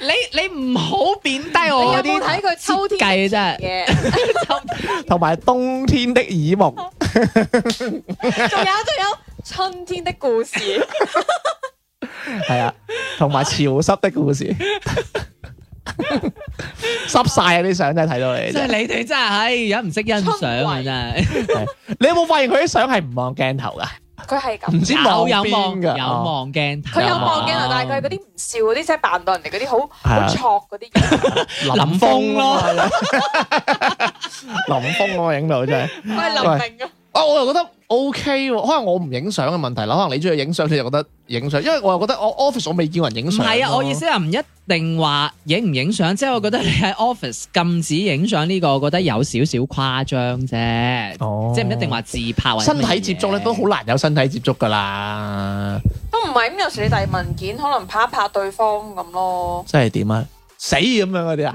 你你唔好貶低我我啲。有冇睇佢秋天計嘅啫？同 埋冬天的耳目。仲 有仲有，有春天的故事。 係啊，同埋潮濕的故事，濕晒啊，啲相真係睇到你，即係你哋真係唉，而家唔識欣賞啊真係。你有冇發現佢啲相係唔望鏡頭噶佢係咁唔知有有望，有望鏡頭，佢有望鏡頭，但係佢係嗰啲唔笑嗰啲，即係扮到人哋嗰啲好好挫嗰啲樣，林峰咯，林峰我影到真係，係林明啊，哦，我又覺得。O、okay, K，可能我唔影相嘅問題啦，可能你中意影相你就覺得影相，因為我又覺得我 office 我未見人影相。唔係啊，我意思係唔一定話影唔影相，嗯、即係我覺得你喺 office 禁止影相呢個，我覺得有少少誇張啫，哦、即係唔一定話自拍或者。身體接觸咧都好難有身體接觸噶啦。都唔係咁，有時你遞文件可能拍一拍對方咁咯。即係點啊？死咁樣嗰啲啊！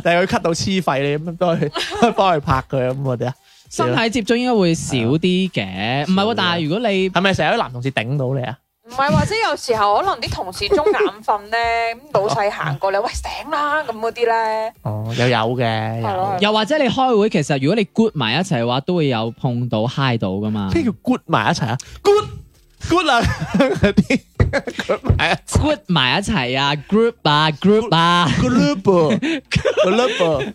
定係佢咳到黐肺你咁樣幫佢幫佢拍佢咁嗰啲啊？身體接觸應該會少啲嘅，唔係喎。啊、但係如果你係咪成日啲男同事頂到你啊？唔係，或者有時候可能啲同事中眼瞓咧，咁 老細行過嚟，喂醒啦咁嗰啲咧。呢哦，又有嘅，有啊啊、又或者你開會，其實如果你 good 埋一齊嘅話，都會有碰到 hi 到噶嘛。咩叫 good 埋一齊啊？Good。good 啦，group r o u p 埋一齊啊，group 啊 g r o u p 啊 g r o u p 啊 g r o u p 部，group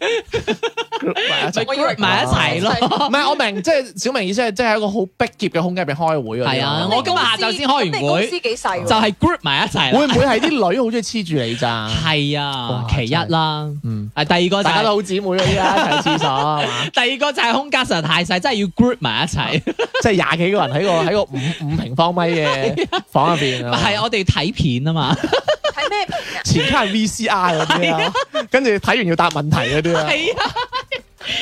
埋一，group 埋一齊咯，唔係我明，即係小明意思係，即係一個好逼仄嘅空間入邊開會啊，係啊，我今日下晝先開完會，公司幾細，就係 group 埋一齊。會唔會係啲女好中意黐住你咋？係啊，會會啊其一啦，第二個，大家都好姊妹而家一齊廁所係嘛？第二個就係、是、空間實在太細，真係要 group 埋一齊，即係廿幾個人喺個喺個五五平方。咪嘢房入邊啊！係我哋睇片啊嘛，睇咩？前卡係 VCR 啲啊，跟住睇完要答問題嗰啲啊，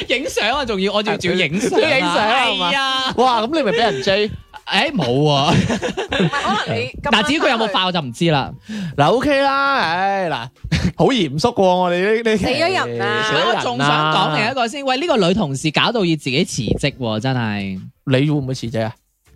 影相啊，仲要我仲要影相。影相啊！係啊！哇！咁你咪俾人追？誒，冇啊！可能你嗱，至於佢有冇發，我就唔知啦。嗱，OK 啦，唉，嗱，好嚴肅嘅我哋呢呢啲死咗人啦！我仲想講另一個先，喂，呢個女同事搞到要自己辭職，真係你會唔會辭職啊？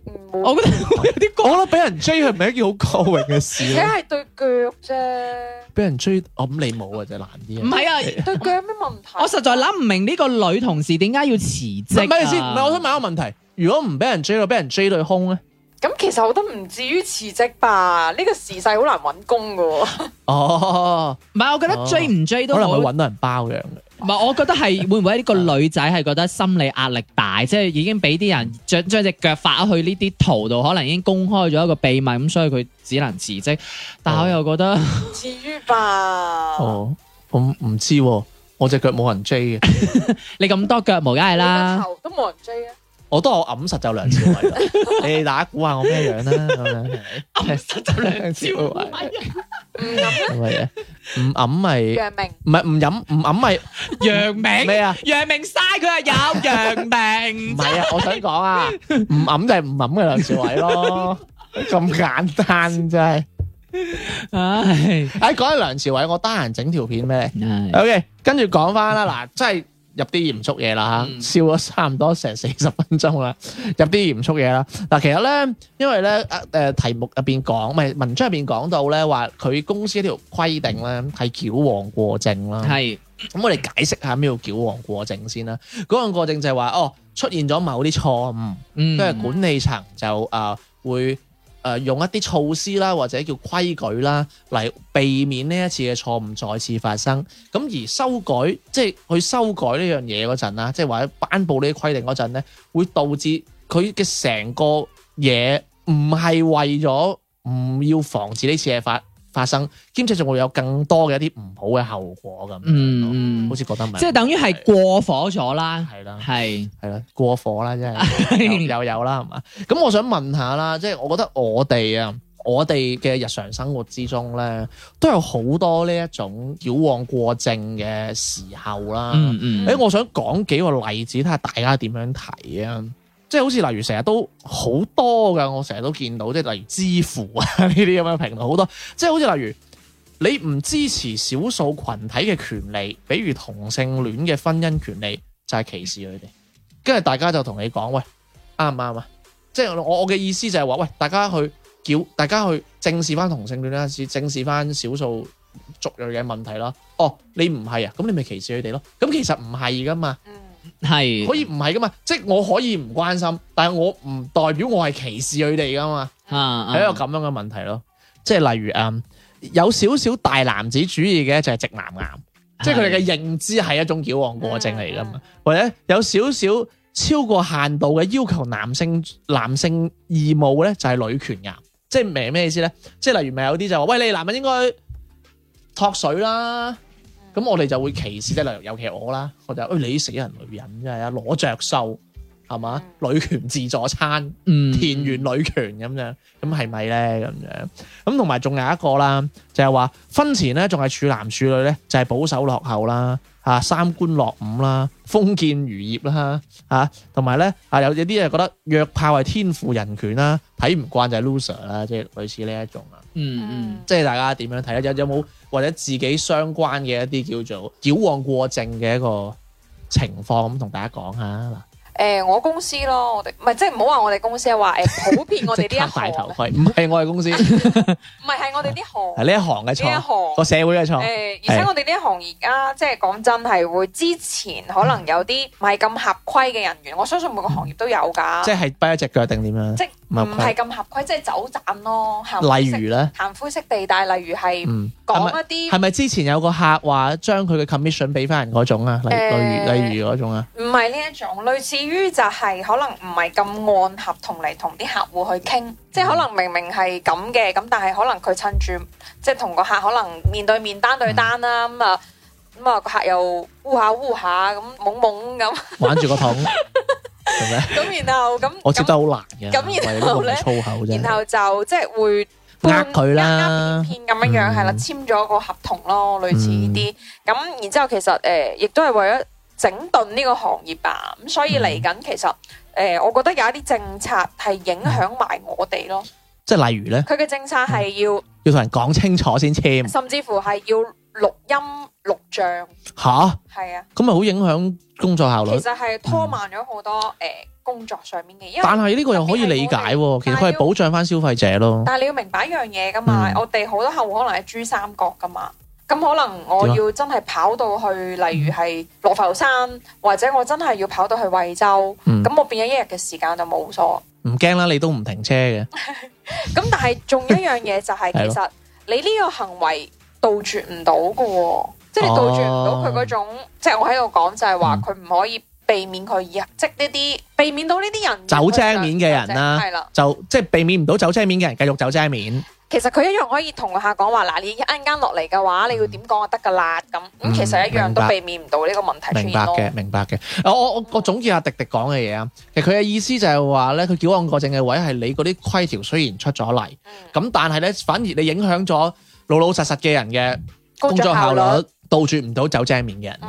我覺得有啲， 我覺得俾人追係唔係一件好光榮嘅事咯。而且係對腳啫，俾人追揞你冇啊，就難啲。唔係啊，對腳有咩問題？我實在諗唔明呢個女同事點解要辭職啊。唔係意思，唔係我想問一個問題：如果唔俾人追，到俾人追對胸咧？咁其實我覺得唔至於辭職吧？呢、呢個時勢好難搵工噶。 哦，唔係，我覺得追唔追都可能搵到人包養。唔係，我覺得係會唔會呢個女仔係覺得心理壓力大，即已經俾啲人將將隻腳發去呢啲圖度，可能已經公開咗一個秘密，咁所以佢只能辭職。但我又覺得，至於吧？ 哦，我唔知道，啊，我隻腳冇人追嘅， 你咁多腳毛梗係啦，頭都冇人追。我都係我揞實就梁朝偉，你哋大家估下我咩樣啦？實就梁朝偉，唔揞係咩嘢？唔揞係楊明，唔係唔飲唔揞係楊明咩啊？楊明嘥佢呀有楊明，唔係啊！我想講啊，唔揞就係唔揞嘅梁朝偉咯，咁簡單真係。唉，誒，講起梁朝偉，我得閒整條片咩？OK，跟住講翻啦，嗱，真係。入啲嚴肅嘢啦吓，笑咗差唔多成四十分鐘啦，入啲嚴肅嘢啦。嗱，其實咧，因為咧誒、呃，題目入邊講，咪文章入邊講到咧，話佢公司一條規定咧係矯枉過正啦。係是，咁我哋解釋下咩叫矯枉過正先啦。嗰個過正就係話，哦，出現咗某啲錯誤，因為、嗯、管理層就誒、呃、會。誒、呃，用一啲措施啦，或者叫規矩啦，嚟避免呢一次嘅錯誤再次發生。咁而修改，即係佢修改呢樣嘢嗰陣啦，即係或者頒布呢啲規定嗰陣咧，會導致佢嘅成個嘢唔係為咗唔要防止呢次嘅發。發生兼且仲會有更多嘅一啲唔好嘅後果咁，嗯嗯，好似覺得唔即係等於係過火咗啦，係啦的，係係啦，的的過火啦，真係有 有啦，係嘛？咁我想問下啦，即係我覺得我哋啊，我哋嘅日常生活之中咧，都有好多呢一種矯枉過正嘅時候啦，嗯嗯，欸、我想講幾個例子睇下大家點樣睇啊。即係好似例如成日都好多嘅，我成日都見到，即係例如支付啊呢啲咁嘅平台好多。即係好似例如你唔支持少數群體嘅權利，比如同性戀嘅婚姻權利，就係歧視佢哋。跟住大家就同你講，喂，啱唔啱啊？即係我我嘅意思就係話，喂，大家去叫大家去正視翻同性戀啊，正正視翻少數族裔嘅問題啦。哦，你唔係啊，咁你咪歧視佢哋咯。咁其實唔係噶嘛。嗯係是可以唔係噶嘛？即係我可以唔關心，但係我唔代表我係歧視佢哋噶嘛。係、啊啊、一個咁樣嘅問題咯。即係例如，嗯，有少少大男子主義嘅就係直男癌，是的 即係佢哋嘅認知係一種矯枉過正嚟噶嘛。啊、或者有少少超過限度嘅要求男性男性義務咧，就係女權癌。即係明咩意思咧？即係例如，咪有啲就話，喂，你男人應該托水啦。咁我哋就會歧視，即例如，尤其我啦，我就誒、哎、你死人女人，即係攞着數係嘛？女權自助餐，嗯，田園女權咁，嗯、樣，咁係咪咧咁樣？咁同埋仲有一個啦，就係、是、話婚前咧仲係處男處女咧，就係、是、保守落後啦，嚇三觀落伍啦，封建餘孽啦，嚇同埋咧嚇有呢有啲人覺得約炮係天賦人權啦，睇唔慣就係 loser 啦，即係類似呢一種嗯嗯，嗯即係大家點樣睇咧？有有冇或者自己相關嘅一啲叫做矯枉過正嘅一個情況，咁同大家講下啦。誒、欸、我公司咯，我哋唔係即係唔好話我哋公司啊，話誒、欸、普遍我哋呢一行， 大頭，唔係我哋公司，唔係係我哋呢行，係呢一行嘅錯，呢一行個社會嘅錯。欸、而且我哋呢一行而家即係講真係會，之前可能有啲唔係咁合規嘅人員，嗯、我相信每個行業都有㗎。即係跛一隻腳定點樣？即唔係咁合規，合規即係走賺咯。例如咧，行灰色，色，色地帶，例如係講一啲係咪之前有個客話將佢嘅 commission 俾翻人嗰種啊？例如例如嗰種啊？唔係呢一種，類似。於就係可能唔係咁按合同嚟同啲客戶去傾，即係可能明明係咁嘅，咁但係可能佢趁住即係同個客可能面對面單對單啦，咁啊咁啊個客又烏下烏下咁懵懵咁玩住個桶做咁，然後咁我覺得好難嘅，咁然後咧，然後就即係會呃佢啦，片騙咁樣樣係啦，簽咗個合同咯，類似呢啲。咁然之後其實誒，亦都係為咗。整頓呢個行業吧，咁所以嚟緊其實誒，我覺得有一啲政策係影響埋我哋咯。即係例如咧，佢嘅政策係要要同人講清楚先簽，甚至乎係要錄音錄像吓，係啊，咁咪好影響工作效率。其實係拖慢咗好多誒工作上面嘅因為。但係呢個又可以理解，其實佢係保障翻消費者咯。但係你要明白一樣嘢噶嘛，我哋好多客戶可能係珠三角噶嘛。咁可能我要真係跑到去，例如係羅浮山，或者我真係要跑到去惠州，咁、嗯、我變咗一日嘅時間就冇咗。唔驚啦，你都唔停車嘅。咁 但係仲有一樣嘢就係、是， 的其實你呢個行為杜絕唔到㗎，哦、即係你杜絕唔到佢嗰種。即係我喺度講就係話，佢唔可以避免佢以、嗯、即呢啲避免到呢啲人走精面嘅人啦、啊。係啦、就是，就即、是、係避免唔到走精面嘅人繼續走精面。其實佢一樣可以同個客講話，嗱，你一陣間落嚟嘅話，你要點講就得噶啦，咁咁其實一樣都避免唔到呢個問題出現咯。明白嘅，明白嘅。我我我總結下迪迪講嘅嘢啊，嗯、其實佢嘅意思就係話咧，佢矯枉過正嘅位係你嗰啲規條雖然出咗嚟，咁、嗯、但係咧反而你影響咗老老實實嘅人嘅工作效率，杜絕唔到走正面嘅人咯。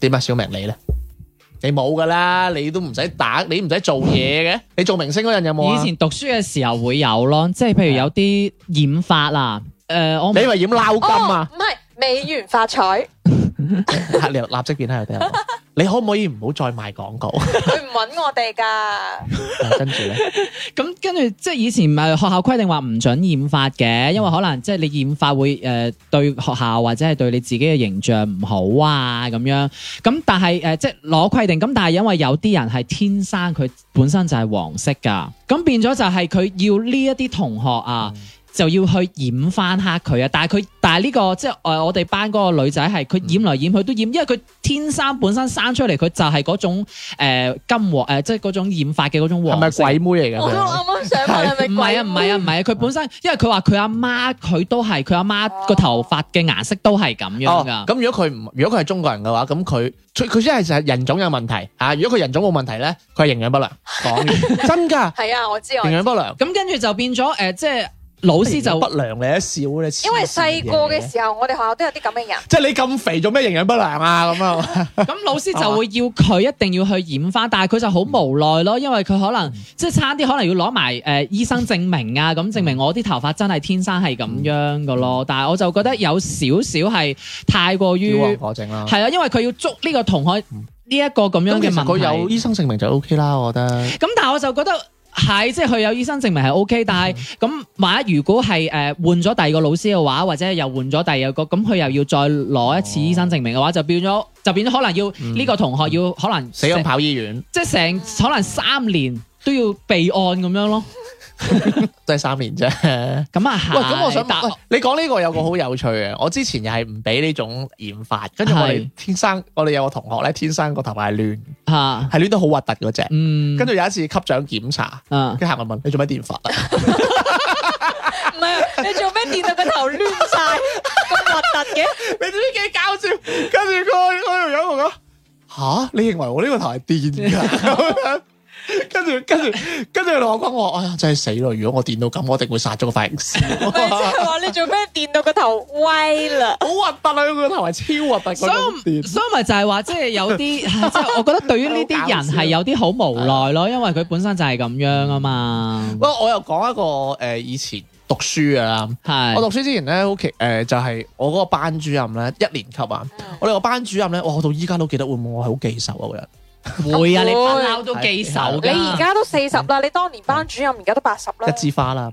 點啊、嗯，小明你咧？你冇噶啦，你都唔使打，你唔使做嘢嘅。你做明星嗰陣有冇、啊、以前讀書嘅時候會有咯，即係譬如有啲染髮啊，誒、呃，我你以為染撈金啊？唔係、哦、美元髮彩，你 立即變喺度。你可唔可以唔好再賣廣告？佢唔搵我哋噶。 跟住咧，咁跟住即係以前咪學校規定話唔准染髮嘅，因為可能即係你染髮會誒對學校或者係對你自己嘅形象唔好啊咁樣。咁但係誒即係攞規定，咁但係因為有啲人係天生佢本身就係黃色噶，咁變咗就係佢要呢一啲同學啊。嗯就要去染翻黑佢啊！但係佢，但係呢、這個即係誒，就是、我哋班嗰個女仔係佢染來染去都染，因為佢天生本身生出嚟佢就係嗰種誒、呃、金黃誒，即係嗰種染髮嘅嗰種黃。係咪鬼妹嚟嘅？我都啱啱想話，係咪？唔係啊，唔係啊，唔係啊！佢 本身因為佢話佢阿媽，佢都係佢阿媽個頭髮嘅顏色都係咁樣噶。咁、哦、如果佢唔如果佢係中國人嘅話，咁佢佢先係就係人種有問題吓、啊。如果佢人種冇問題咧，佢係營養不良。講真噶，係 啊，我知營養不良。咁跟住就變咗誒、呃，即係。老師就不良你一笑咧，因為細個嘅時候，我哋學校都有啲咁嘅人。即係你咁肥做咩營養不良啊？咁啊，咁老師就會要佢一定要去染翻，嗯、但係佢就好無奈咯，因為佢可能、嗯、即係差啲，可能要攞埋誒醫生證明啊，咁、嗯、證明我啲頭髮真係天生係咁樣嘅咯。嗯、但係我就覺得有少少係太過於，係啊，因為佢要捉呢個同學呢一、嗯、個咁樣嘅問題。佢有醫生證明就 O、OK、K 啦，我覺得。咁但係我就覺得。係，即係佢有醫生證明係 OK，但係咁、嗯，萬一如果係誒換咗第二個老師嘅話，或者又換咗第二個，咁佢又要再攞一次醫生證明嘅話、哦就，就變咗，就變咗可能要呢個同學要可能死命跑醫院，嗯嗯、即係成可能三年都要備案咁樣咯。 都係三年啫，咁啊係。咁、 嗯、我想，答我。你講呢個有個好有趣嘅，嗯、我之前又係唔俾呢種染髮，跟住我哋天生，是我哋有個同學咧天生個頭髮係亂，係係亂到好核突嗰隻。跟住、嗯、有一次級長檢查，即係我問你做咩電髮啊？唔係， 你做咩電到個頭亂晒咁核突嘅？ 你知唔知幾搞笑？跟住佢佢度講我，吓，你認為我呢個頭係電噶？ 跟住，跟住，跟住，同我講話，哎呀，真係死咯！如果我電到咁，我一定會殺咗個髮型師。唔係， 即係話你做咩電到個頭威啦？好核突啊！個頭係超核突。所所以咪就係話，即係有啲，即係 我覺得對於呢啲人係有啲好無奈咯， 因為佢本身就係咁樣啊嘛。不過、嗯、我又講一個誒，以前讀書啊，係我讀書之前咧，好奇誒、呃，就係我嗰個班主任咧，一年級啊， 我哋個班主任咧，我到依家都記得，會唔會我係好記仇啊？個人。會啊！你班友都記仇。你而家都四十啦，你當年班主任而家都八十啦。一支花啦，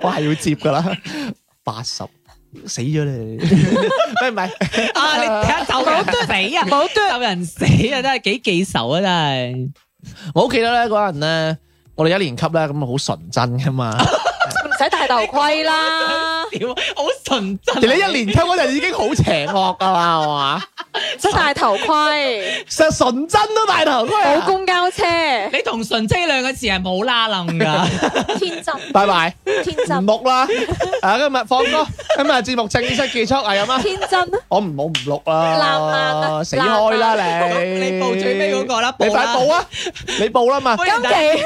我係要接噶啦，八十死咗你，係咪啊？你睇下就咁死啊，有人死啊，真係幾記仇啊！真係我記得咧嗰陣咧，我哋一年級咧咁好純真噶嘛。使戴頭盔啦，點啊好純真！而你一年級嗰陣已經好邪惡噶啦，係嘛？使戴頭盔，實純真都戴頭盔。冇公交車，你同純真兩個字係冇啦楞噶。天真，拜拜，天真，唔錄啦。啊，今日放歌，今日節目正式結束啊，係咁？天真，我唔好唔錄啊，爛爛死開啦你！你報最尾嗰個啦，你快報啊！你報啦嘛，今期，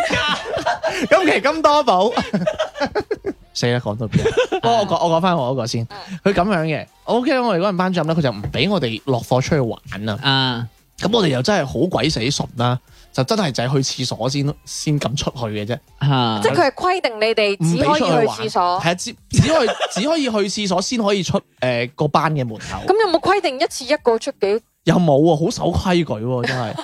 今期金多寶。死啦！講到邊？不過 我講我講翻我嗰個先，佢咁 樣嘅，OK，我哋嗰陣班主任咧，佢就唔俾我哋落課出去玩啊。咁 我哋又真係好鬼死順啦，就真係就係去廁所先咯，先咁出去嘅啫。即係佢係規定你哋只可以去廁所，係啊，只只可以只可以去廁所先可以出誒個、呃、班嘅門口。咁 有冇規定一次一個出幾？又冇啊，好守規矩，真係，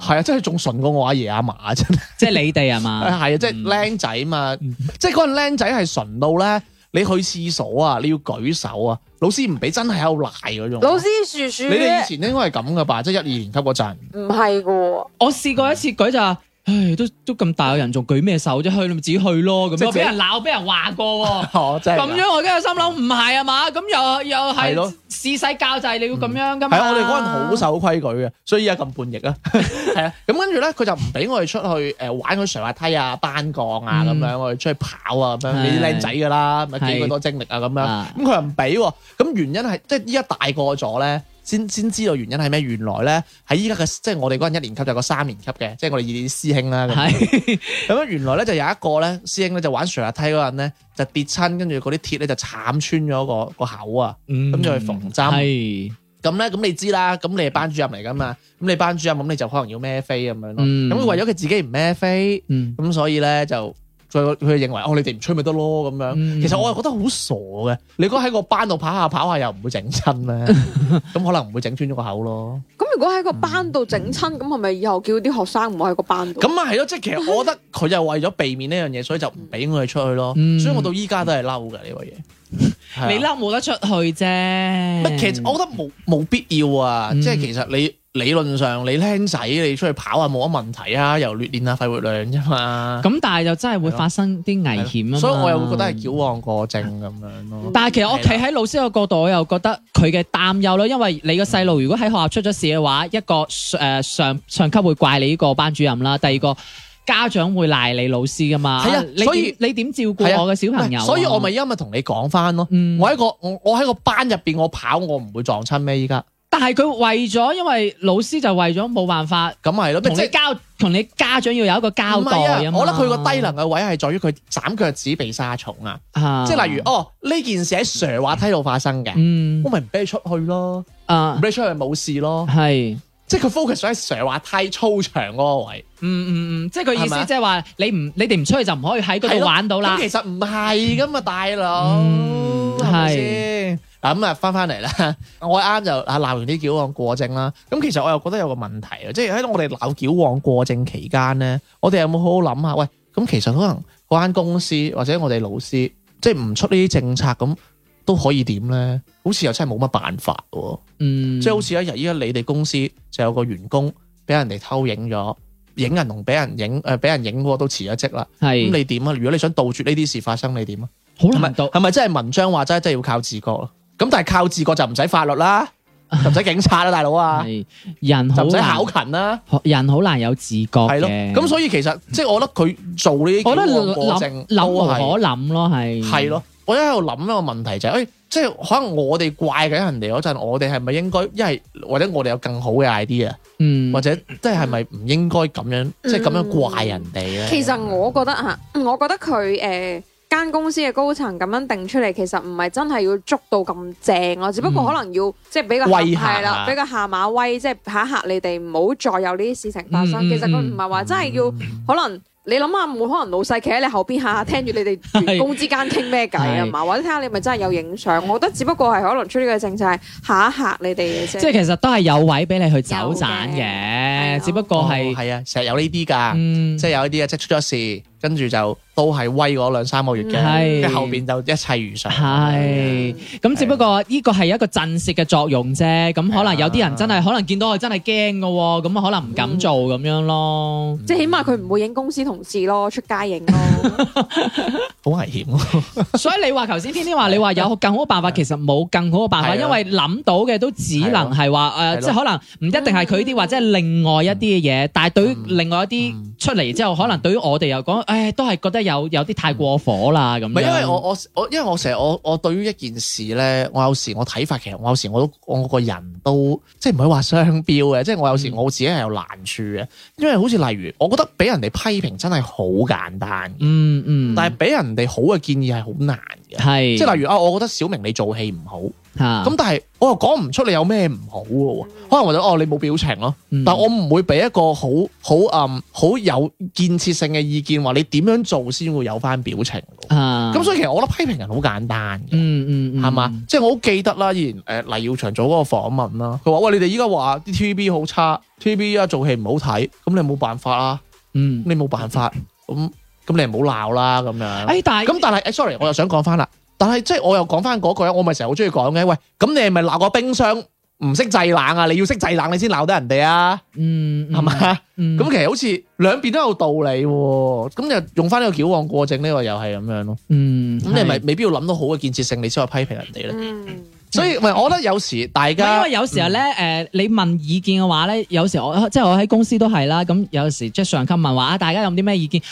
係啊，真係仲純過我阿爺阿嫲啊，真係，即係你哋啊嘛，係啊，爺爺爺爺 即係僆仔啊嘛，即係嗰陣僆仔係純到咧，你去廁所啊，你要舉手啊，老師唔俾，真係喺度賴嗰種，老師叔叔，舒舒你哋以前應該係咁噶吧，即係一二年級嗰陣，唔係噶，我試過一次舉就是。 唉，都都咁大個人，仲舉咩手啫？去你咪自己去咯，咁樣俾人鬧，俾人話過。真係咁樣，我真係心諗唔係啊嘛。咁又又係世事教就係你要咁樣噶嘛。係啊，我哋嗰陣好守規矩嘅，所以依家咁叛逆啊。係啊，咁跟住咧，佢就唔俾我哋出去誒玩嗰上滑梯啊、單槓啊咁樣，我哋出去跑啊咁樣，俾啲靚仔噶啦，咪幾多精力啊咁樣。咁佢又唔俾。咁原因係即係依家大個咗咧。先先知道原因係咩？原來咧喺依家嘅，即係我哋嗰陣一年級就個三年級嘅，即係我哋二年師兄啦。咁樣是的 原來咧就有一個咧師兄咧就玩滑梯嗰陣咧就跌親，跟住嗰啲鐵咧就鏟穿咗個個口啊。咁就、嗯、去縫針。咁咧咁你知啦，咁你係班主任嚟㗎嘛？咁你班主任咁你就可能要孭飛咁樣咯。咁佢、嗯、為咗佢自己唔孭飛，咁、嗯、所以咧就。佢認為哦，你哋唔吹咪得咯咁樣。其實我又覺得好傻嘅。你估喺個班度跑下跑下又，又唔會整親咧，咁可能唔會整穿咗個口咯。咁如果喺個班度整親，咁係咪以後叫啲學生唔喺個班度？咁啊係咯，即、嗯、係其實我覺得佢又為咗避免呢樣嘢，所以就唔俾我哋出去咯。所以我到依家都係嬲㗎呢個嘢。嗯啊、你嬲冇得出去啫。乜其實我覺得冇冇必要啊。嗯、即係其實你。理論上你僆仔，你出去跑啊冇乜問題啊，又練下肺活量啫嘛。咁但係就真係會發生啲危險啊，所以我又會覺得係矯枉過正咁樣咯。但係其實我企喺老師嘅角度，我又覺得佢嘅擔憂咯，因為你個細路如果喺學校出咗事嘅話，嗯、一個誒上上級會怪你呢個班主任啦，第二個家長會賴你老師噶嘛。係啊，所以你點照顧我嘅小朋友？所以我咪今日同你講翻咯。我喺個我我喺個班入邊，我跑我唔會撞親咩？依家。但係佢為咗，因為老師就為咗冇辦法，咁係咯，同你交，同你家長要有一個交代啊。我覺得佢個低能嘅位係在於佢斬腳趾避沙蟲啊，即係例如哦呢件事喺蛇滑梯度發生嘅，我咪唔俾出去咯，唔俾出去咪冇事咯。係，即係佢 focus 喺蛇滑梯操場嗰個位。嗯嗯嗯，即係佢意思，即係話你唔，你哋唔出去就唔可以喺嗰度玩到啦。其實唔係噶嘛，大佬，係。咁啊，返返嚟啦！我啱就啊，鬧完啲矯枉過正啦。咁其實我又覺得有個問題啊，即係喺我哋鬧矯枉過正期間咧，我哋有冇好好諗下？喂，咁其實可能嗰間公司或者我哋老師，即係唔出呢啲政策，咁都可以點咧？好似又真係冇乜辦法喎。嗯，即係好似一日依家你哋公司就有個員工俾人哋偷影咗，影人同俾人影，誒、呃、俾人影嗰個都辭咗職啦。係咁是，你點啊？如果你想杜絕呢啲事發生，你點啊？好難杜，係咪真係文章話真係真係要靠自覺咯？咁但係靠自覺就唔使法律啦，唔使 警察啦，大佬啊，人就唔使考勤啦，人好難有自覺，係咯。咁所以其實 即係我覺得佢做呢啲，我覺得諗諗無可諗咯，係係咯。我一喺度諗一個問題就係、是，誒、欸，即係可能我哋怪緊人哋嗰陣，我哋係咪應該，一係或者我哋有更好嘅 idea，嗯，或者即係係咪唔應該咁樣，即係咁樣怪人哋咧？其實我覺得吓，我覺得佢誒。呃間公司嘅高層咁樣定出嚟，其實唔係真係要捉到咁正咯，只不過可能要即係俾個威係啦，俾個下馬威，即係嚇一嚇你哋唔好再有呢啲事情發生。其實佢唔係話真係要，可能你諗下，冇可能老細企喺你後邊，下下聽住你哋員工之間傾咩偈啊嘛，或者睇下你咪真係有影相。我覺得只不過係可能出呢個政策，嚇一嚇你哋嘅即係其實都係有位俾你去走盞嘅，只不過係，係啊，成日有呢啲噶，即係有呢啲啊，即係出咗事。跟住就都係威嗰兩三個月嘅，跟住後邊就一切如常。係咁，只不過呢個係一個震懾嘅作用啫。咁可能有啲人真係可能見到我真係驚嘅，咁可能唔敢做咁樣咯。即係起碼佢唔會影公司同事咯，出街影咯，好危險咯。所以你話頭先，偏偏話你話有更好嘅辦法，其實冇更好嘅辦法，因為諗到嘅都只能係話誒，即係可能唔一定係佢啲，或者係另外一啲嘅嘢。但係對於另外一啲出嚟之後，可能對於我哋又講。誒，都係覺得有有啲太過火啦，咁。因為我我我，因為我成日我我對於一件事咧，我有時我睇法，其實我有時我都我個人都即係唔可以話雙標嘅，即係我有時我自己係有難處嘅，因為好似例如，我覺得俾人哋批評真係好簡單，嗯嗯，嗯但係俾人哋好嘅建議係好難。係，即係是例如啊，我覺得小明你做戲唔好，咁、啊、但係我又講唔出你有咩唔好嘅喎，可能或者哦你冇表情咯，嗯、但係我唔會俾一個好好誒好有建設性嘅意見，話你點樣做先會有翻表情。咁、啊、所以其實我覺得批評人好簡單，嘅、嗯，嗯嗯，係嘛，即、就、係、是、我好記得啦，以前誒黎耀祥做嗰個訪問啦，佢話，喂，你哋依家話啲 TVB 好差，TVB 啊做戲唔好睇，咁你冇辦法啦，嗯，你冇辦法，咁。咁你唔好鬧啦，咁樣。咁但係，sorry，我又想講翻啦。但係即係我又講翻嗰句，我咪成日好中意講嘅。喂，咁你係咪鬧個冰箱唔識製冷啊？你要識製冷，你先鬧得人哋啊？嗯，係嘛？咁其實好似兩邊都有道理，咁就用翻呢個矯枉過正呢個又係咁樣咯。嗯，咁你咪未必要諗到好嘅建設性，你先去批評人哋咧。所以唔係，我覺得有時大家因為有時候咧，誒，你問意見嘅話咧，有時我即係我喺公司都係啦。咁有時即係上級問話，大家有啲咩意見？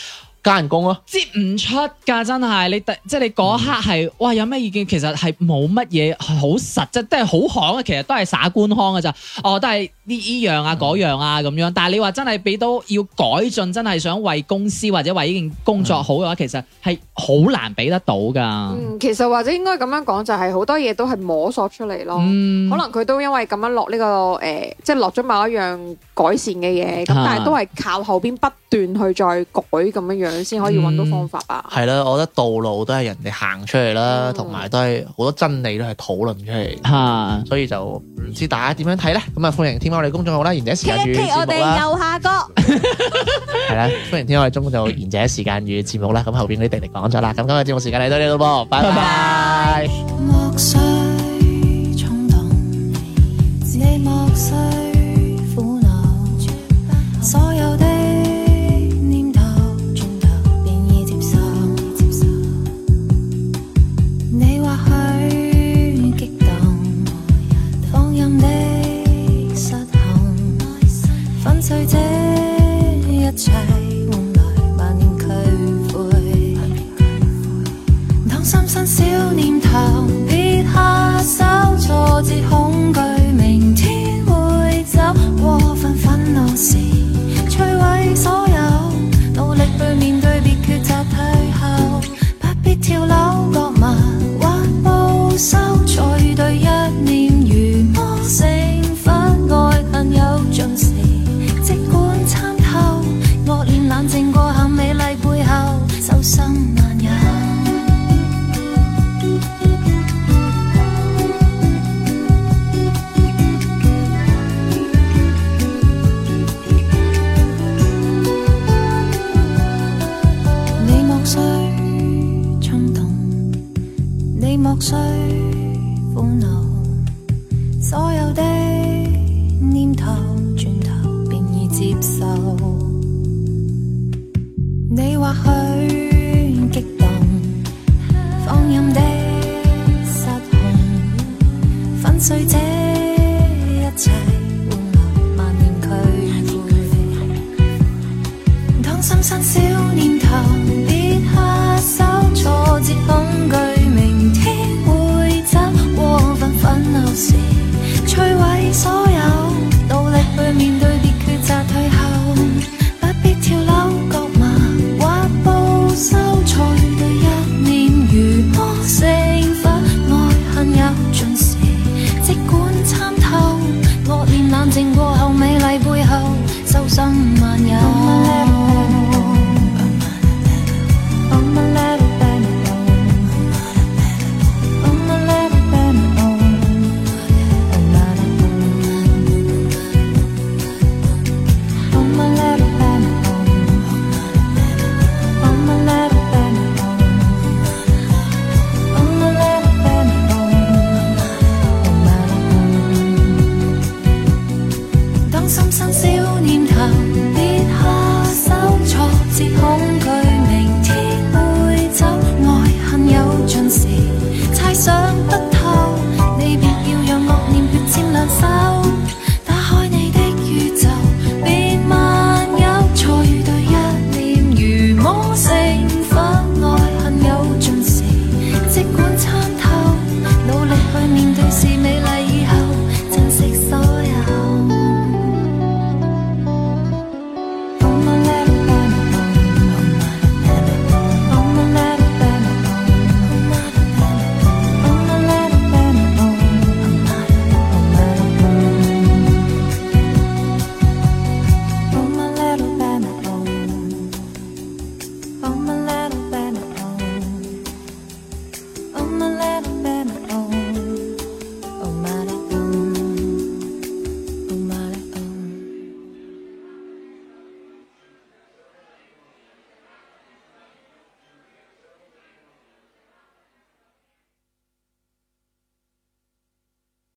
加人工咯、啊，接唔出噶，真係你即係你嗰刻係，嗯、哇有咩意見？其實係冇乜嘢好實質，即係好行啊，其實都係耍官腔噶咋，哦都係呢呢樣啊嗰、嗯、樣啊咁樣。但係你話真係俾到要改進，真係想為公司或者為呢件工作好嘅話，嗯、其實係好難俾得到噶。嗯，其實或者應該咁樣講，就係、是、好多嘢都係摸索出嚟咯。嗯、可能佢都因為咁樣落呢、呢個誒、呃，即係落咗某一樣改善嘅嘢，咁但係都係靠後邊不斷去再改咁樣樣。先可以揾到方法啊。係、嗯、啦，我覺得道路都係人哋行出嚟啦，同埋、嗯、都係好多真理都係討論出嚟，嚇、啊。所以就唔知大家點樣睇咧。咁啊，歡迎添加我哋公眾號啦，賢者時間與節目我哋右下角。係啦，歡迎添加我哋就賢者時間與節目啦。咁後邊嗰啲地嚟講咗啦。咁今日節目時間嚟到呢度噃，拜拜。